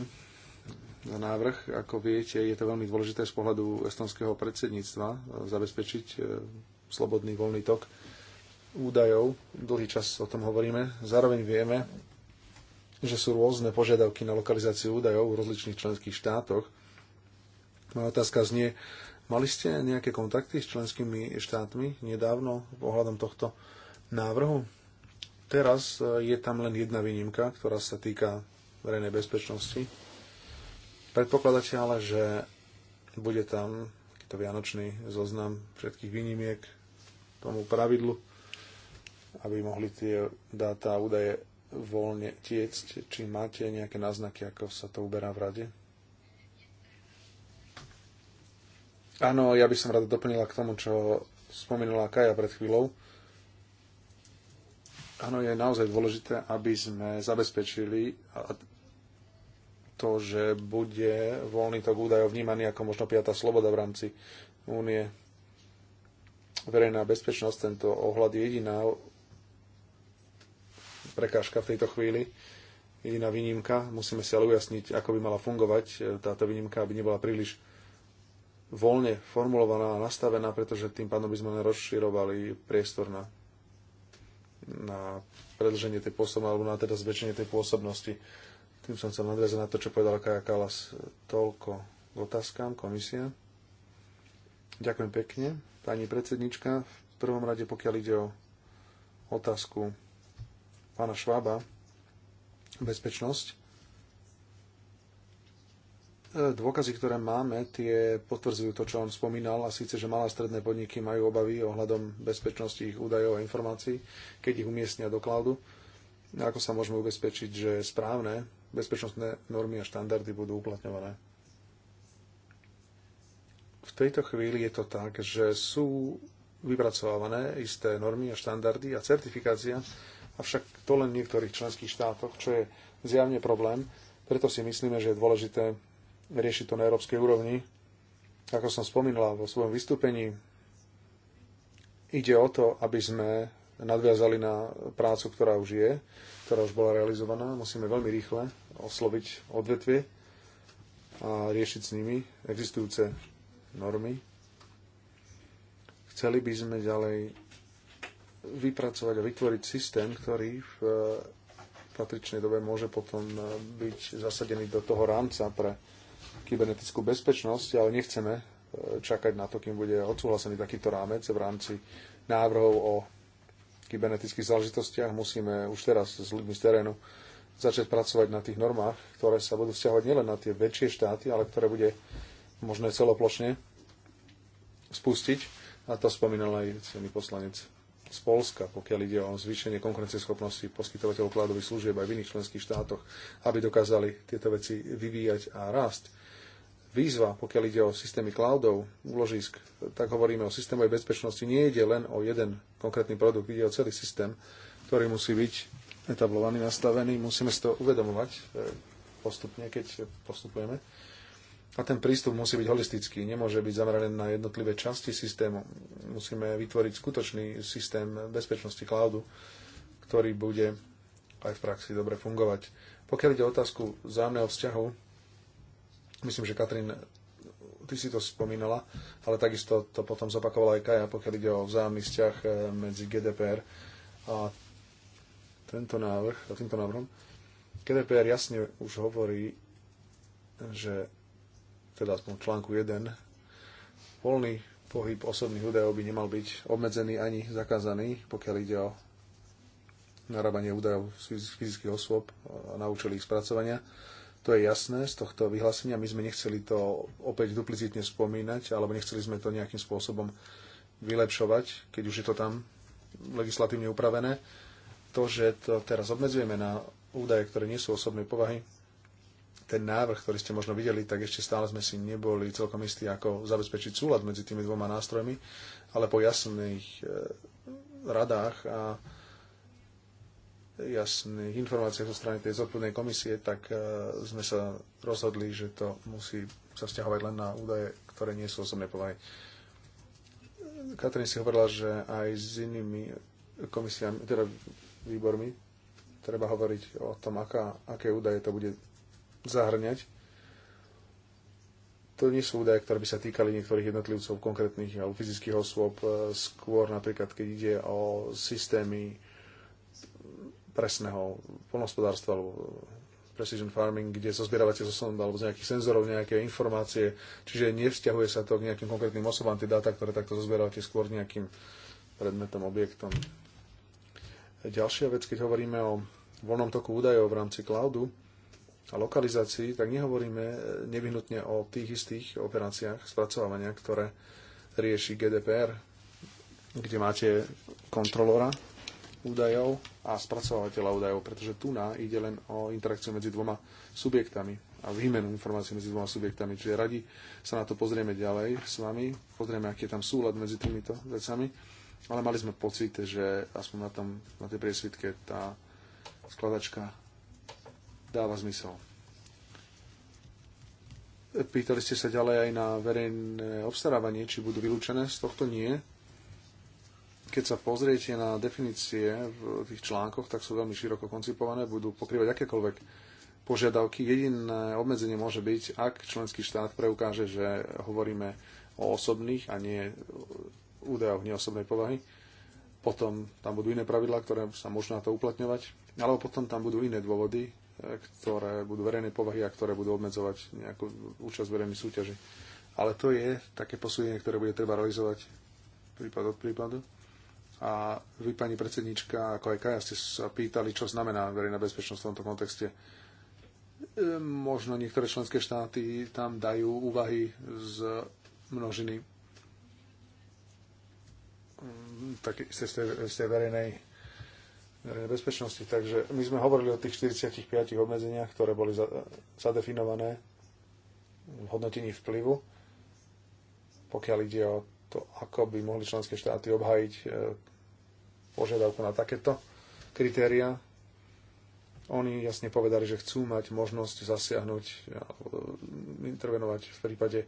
Speaker 2: Za návrh, ako viete, je to veľmi dôležité z pohľadu estonského predsedníctva uh, zabezpečiť uh, slobodný voľný tok údajov. Dlhý čas o tom hovoríme. Zároveň vieme, že sú rôzne požiadavky na lokalizáciu údajov v rozličných členských štátoch moja otázka znie, mali ste nejaké kontakty s členskými štátmi nedávno ohľadom tohto návrhu? Teraz e, je tam len jedna výnimka, ktorá sa týka verejnej bezpečnosti. Predpokladáte ale, že bude tam takýto vianočný zoznam všetkých výnimiek tomu pravidlu, aby mohli tie dáta a údaje voľne tiecť. Či máte nejaké náznaky, ako sa to uberá v rade? Áno, ja by som rada doplnila k tomu, čo spomenula Kaja pred chvíľou. Áno, je naozaj dôležité, aby sme zabezpečili to, že bude voľný tok údajov vnímaný ako možno piata sloboda v rámci únie. Verejná bezpečnosť, tento ohľad je jediná prekážka v tejto chvíli, jediná výnimka. Musíme si ale ujasniť, ako by mala fungovať e, táto výnimka, aby nebola príliš voľne formulovaná a nastavená, pretože tým pádom by sme rozširovali priestor na, na predlženie tej pôsobnosti alebo na teda zväčšenie tej pôsobnosti. Tým som chcel nadviazať na to, čo povedala Kaja Kalas. Toľko k otázkám, komisia. Ďakujem pekne. Pani predsednička, v prvom rade, pokiaľ ide o otázku pána Švába, bezpečnosť. Dôkazy, ktoré máme, tie potvrdzujú to, čo on spomínal, a síce, že malé a stredné podniky majú obavy ohľadom bezpečnosti ich údajov a informácií, keď ich umiestnia do cloudu. No, ako sa môžeme ubezpečiť, že správne bezpečnostné normy a štandardy budú uplatňované? V tejto chvíli je to tak, že sú vypracovávané isté normy a štandardy a certifikácia, avšak to len v niektorých členských štátoch, čo je zjavne problém. Preto si myslíme, že je dôležité riešiť to na európskej úrovni. Ako som spomínala vo svojom vystúpení, ide o to, aby sme nadviazali na prácu, ktorá už je, ktorá už bola realizovaná. Musíme veľmi rýchle osloviť odvetvie a riešiť s nimi existujúce normy. Chceli by sme ďalej vypracovať a vytvoriť systém, ktorý v e, patričnej dobe môže potom e, byť zasadený do toho rámca pre kybernetickú bezpečnosť, ale nechceme e, čakať na to, kým bude odsúhlasený takýto rámec v rámci návrhov o kybernetických záležitostiach. Musíme už teraz s ľuďmi z terénu začať pracovať na tých normách, ktoré sa budú vzťahovať nielen na tie väčšie štáty, ale ktoré bude možné celoplošne spustiť. A to spomínal aj cený poslanec z Polska, pokiaľ ide o zvýšenie konkurencieschopnosti poskytovateľov kladových služieb aj v iných členských štátoch, aby dokázali tieto veci vyvíjať a rásť výzva, pokiaľ ide o systémy cloudov, úložisk, tak hovoríme o systémovej bezpečnosti. Nie ide len o jeden konkrétny produkt, ide o celý systém, ktorý musí byť etablovaný, nastavený. Musíme si to uvedomovať e, postupne, keď postupujeme. A ten prístup musí byť holistický, nemôže byť zameraný na jednotlivé časti systému. Musíme vytvoriť skutočný systém bezpečnosti cloudu, ktorý bude aj v praxi dobre fungovať. Pokiaľ ide o otázku zájomného vzťahu, Myslím, že Katrin, ty si to spomínala, ale takisto to potom zopakovala aj Kaja, pokiaľ ide o vzájomný vzťah eh, medzi GDPR a tento návrh, a týmto návrhom. GDPR jasne už hovorí, že teda v článku 1 voľný pohyb osobných údajov by nemal byť obmedzený ani zakázaný, pokiaľ ide o narábanie údajov z fyzických osôb eh, na účely ich spracovania to je jasné z tohto vyhlásenia. My sme nechceli to opäť duplicitne spomínať, alebo nechceli sme to nejakým spôsobom vylepšovať, keď už je to tam legislatívne upravené. To, že to teraz obmedzujeme na údaje, ktoré nie sú osobnej povahy, ten návrh, ktorý ste možno videli, tak ešte stále sme si neboli celkom istí, ako zabezpečiť súlad medzi tými dvoma nástrojmi, ale po jasných eh, radách a jasných informáciách zo strany tej zodpovednej komisie, tak e, sme sa rozhodli, že to musí sa vzťahovať len na údaje, ktoré nie sú osobné povahy. Katrin si hovorila, že aj s inými komisiami, teda výbormi, treba hovoriť o tom, aká, aké údaje to bude zahrňať. To nie sú údaje, ktoré by sa týkali niektorých jednotlivcov, konkrétnych alebo fyzických osôb. E, skôr napríklad, keď ide o systémy presného polnospodárstva alebo precision farming, kde sa zbieravacie zo sonda alebo z nejakých senzorov nejaké informácie, čiže nevzťahuje sa to k nejakým konkrétnym osobám, tie dáta, ktoré takto zozbierate skôr nejakým predmetom, objektom. Ďalšia vec, keď hovoríme o voľnom toku údajov v rámci cloudu a lokalizácii, tak nehovoríme e, nevyhnutne o tých istých operáciách spracovávania, ktoré rieši GDPR, kde máte kontrolora údajov a spracovateľa údajov, pretože tu na ide len o interakciu medzi dvoma subjektami a výmenu informácií medzi dvoma subjektami. Čiže radi sa na to pozrieme ďalej s vami, pozrieme, aký je tam súlad medzi týmito vecami, ale mali sme pocit, že aspoň na, tom, na tej priesvitke tá skladačka dáva zmysel. Pýtali ste sa ďalej aj na verejné obstarávanie, či budú vylúčené z tohto nie keď sa pozriete na definície v tých článkoch, tak sú veľmi široko koncipované, budú pokrývať akékoľvek požiadavky. Jediné obmedzenie môže byť, ak členský štát preukáže, že hovoríme o osobných a nie údajoch neosobnej povahy. Potom tam budú iné pravidlá, ktoré sa môžu na to uplatňovať, alebo potom tam budú iné dôvody, e, ktoré budú verejnej povahy a ktoré budú obmedzovať nejakú účasť verejnej súťaži. Ale to je také posúdenie, ktoré bude treba realizovať prípad od prípadu. A vy, pani predsednička, ako aj Kaja, ste sa pýtali, čo znamená verejná bezpečnosť v tomto kontexte. E, možno niektoré členské štáty tam dajú úvahy z množiny ste, mm, z tej verejnej, verejnej bezpečnosti. Takže my sme hovorili o tých 45 obmedzeniach, ktoré boli zadefinované v hodnotení vplyvu, pokiaľ ide o to, ako by mohli členské štáty obhajiť e, požiadavku na takéto kritéria. Oni jasne povedali, že chcú mať možnosť zasiahnuť e, a e, intervenovať v prípade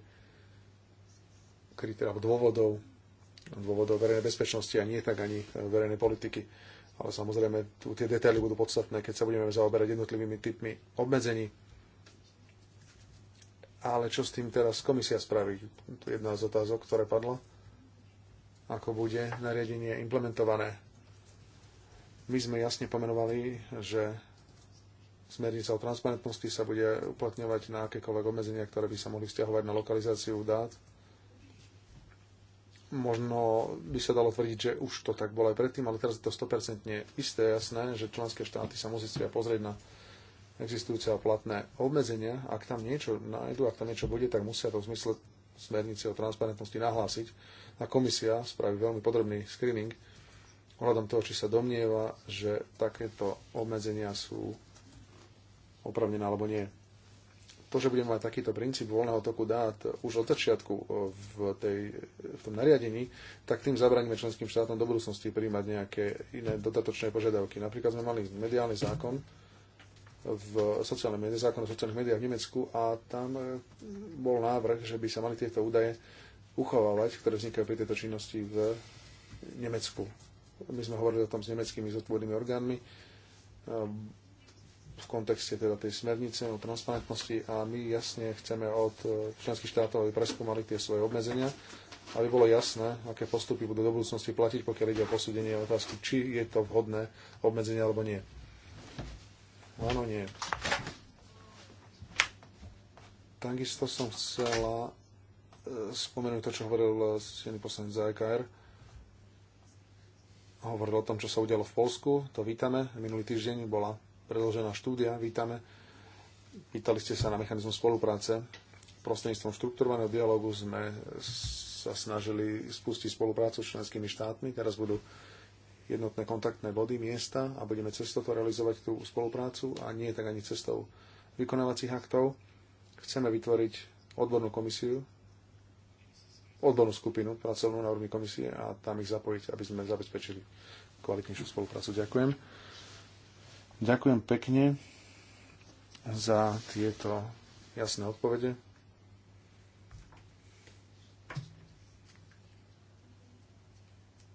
Speaker 2: kritéria alebo dôvodov, dôvodov verejnej bezpečnosti a nie tak ani verejnej politiky. Ale samozrejme, tu tie detaily budú podstatné, keď sa budeme zaoberať jednotlivými typmi obmedzení. Ale čo s tým teraz komisia spraví? To je jedna z otázok, ktoré padla ako bude nariadenie implementované. My sme jasne pomenovali, že smernica o transparentnosti sa bude uplatňovať na akékoľvek obmedzenia, ktoré by sa mohli vzťahovať na lokalizáciu dát. Možno by sa dalo tvrdiť, že už to tak bolo aj predtým, ale teraz je to 100% isté, jasné, že členské štáty sa musia pozrieť na existujúce a platné obmedzenia. Ak tam niečo nájdu, ak tam niečo bude, tak musia to v zmysle smernice o transparentnosti nahlásiť a komisia spraví veľmi podrobný screening ohľadom toho, či sa domnieva, že takéto obmedzenia sú opravnené alebo nie. To, že budeme mať takýto princíp voľného toku dát už od začiatku e, v, tej, v tom nariadení, tak tým zabraníme členským štátom do budúcnosti príjmať nejaké iné dodatočné požiadavky. Napríklad sme mali mediálny zákon, v sociálnej médii, zákon o sociálnych médiách v Nemecku a tam e, bol návrh, že by sa mali tieto údaje uchovávať, ktoré vznikajú pri tejto činnosti v Nemecku. My sme hovorili o tom s nemeckými zodpovednými orgánmi e, v kontexte teda tej smernice o transparentnosti a my jasne chceme od e, členských štátov, aby preskúmali tie svoje obmedzenia, aby bolo jasné, aké postupy budú do budúcnosti platiť, pokiaľ ide o posúdenie a otázku, či je to vhodné obmedzenie alebo nie. Áno, nie. Takisto som chcela spomenúť to, čo hovoril stený eh, poslanec za EKR. Hovoril o tom, čo sa udialo v Polsku, to vítame. Minulý týždeň bola predložená štúdia, vítame. Pýtali ste sa na mechanizmus spolupráce. Prostredníctvom štrukturovaného dialogu sme sa snažili spustiť spoluprácu s členskými štátmi. Teraz budú jednotné kontaktné body, miesta a budeme cez toto realizovať tú spoluprácu a nie tak ani cestou vykonávacích aktov. Chceme vytvoriť odbornú komisiu odbornú skupinu pracovnú na úrovni komisie a tam ich zapojiť, aby sme zabezpečili kvalitnejšiu spoluprácu. Ďakujem. Ďakujem pekne za tieto jasné odpovede.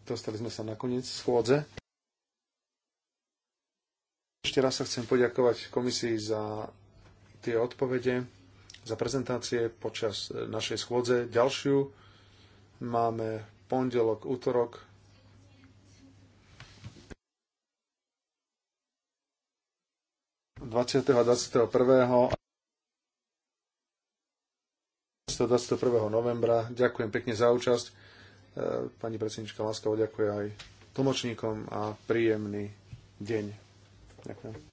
Speaker 2: Dostali sme sa na koniec schôdze. Ešte raz sa chcem poďakovať komisii za tie odpovede, za prezentácie počas našej schôdze. Ďalšiu Máme pondelok, útorok. 21. novembra. Ďakujem pekne za účasť. E, pani predsednička Láskavo ďakuje aj tlmočníkom a príjemný deň. Ďakujem.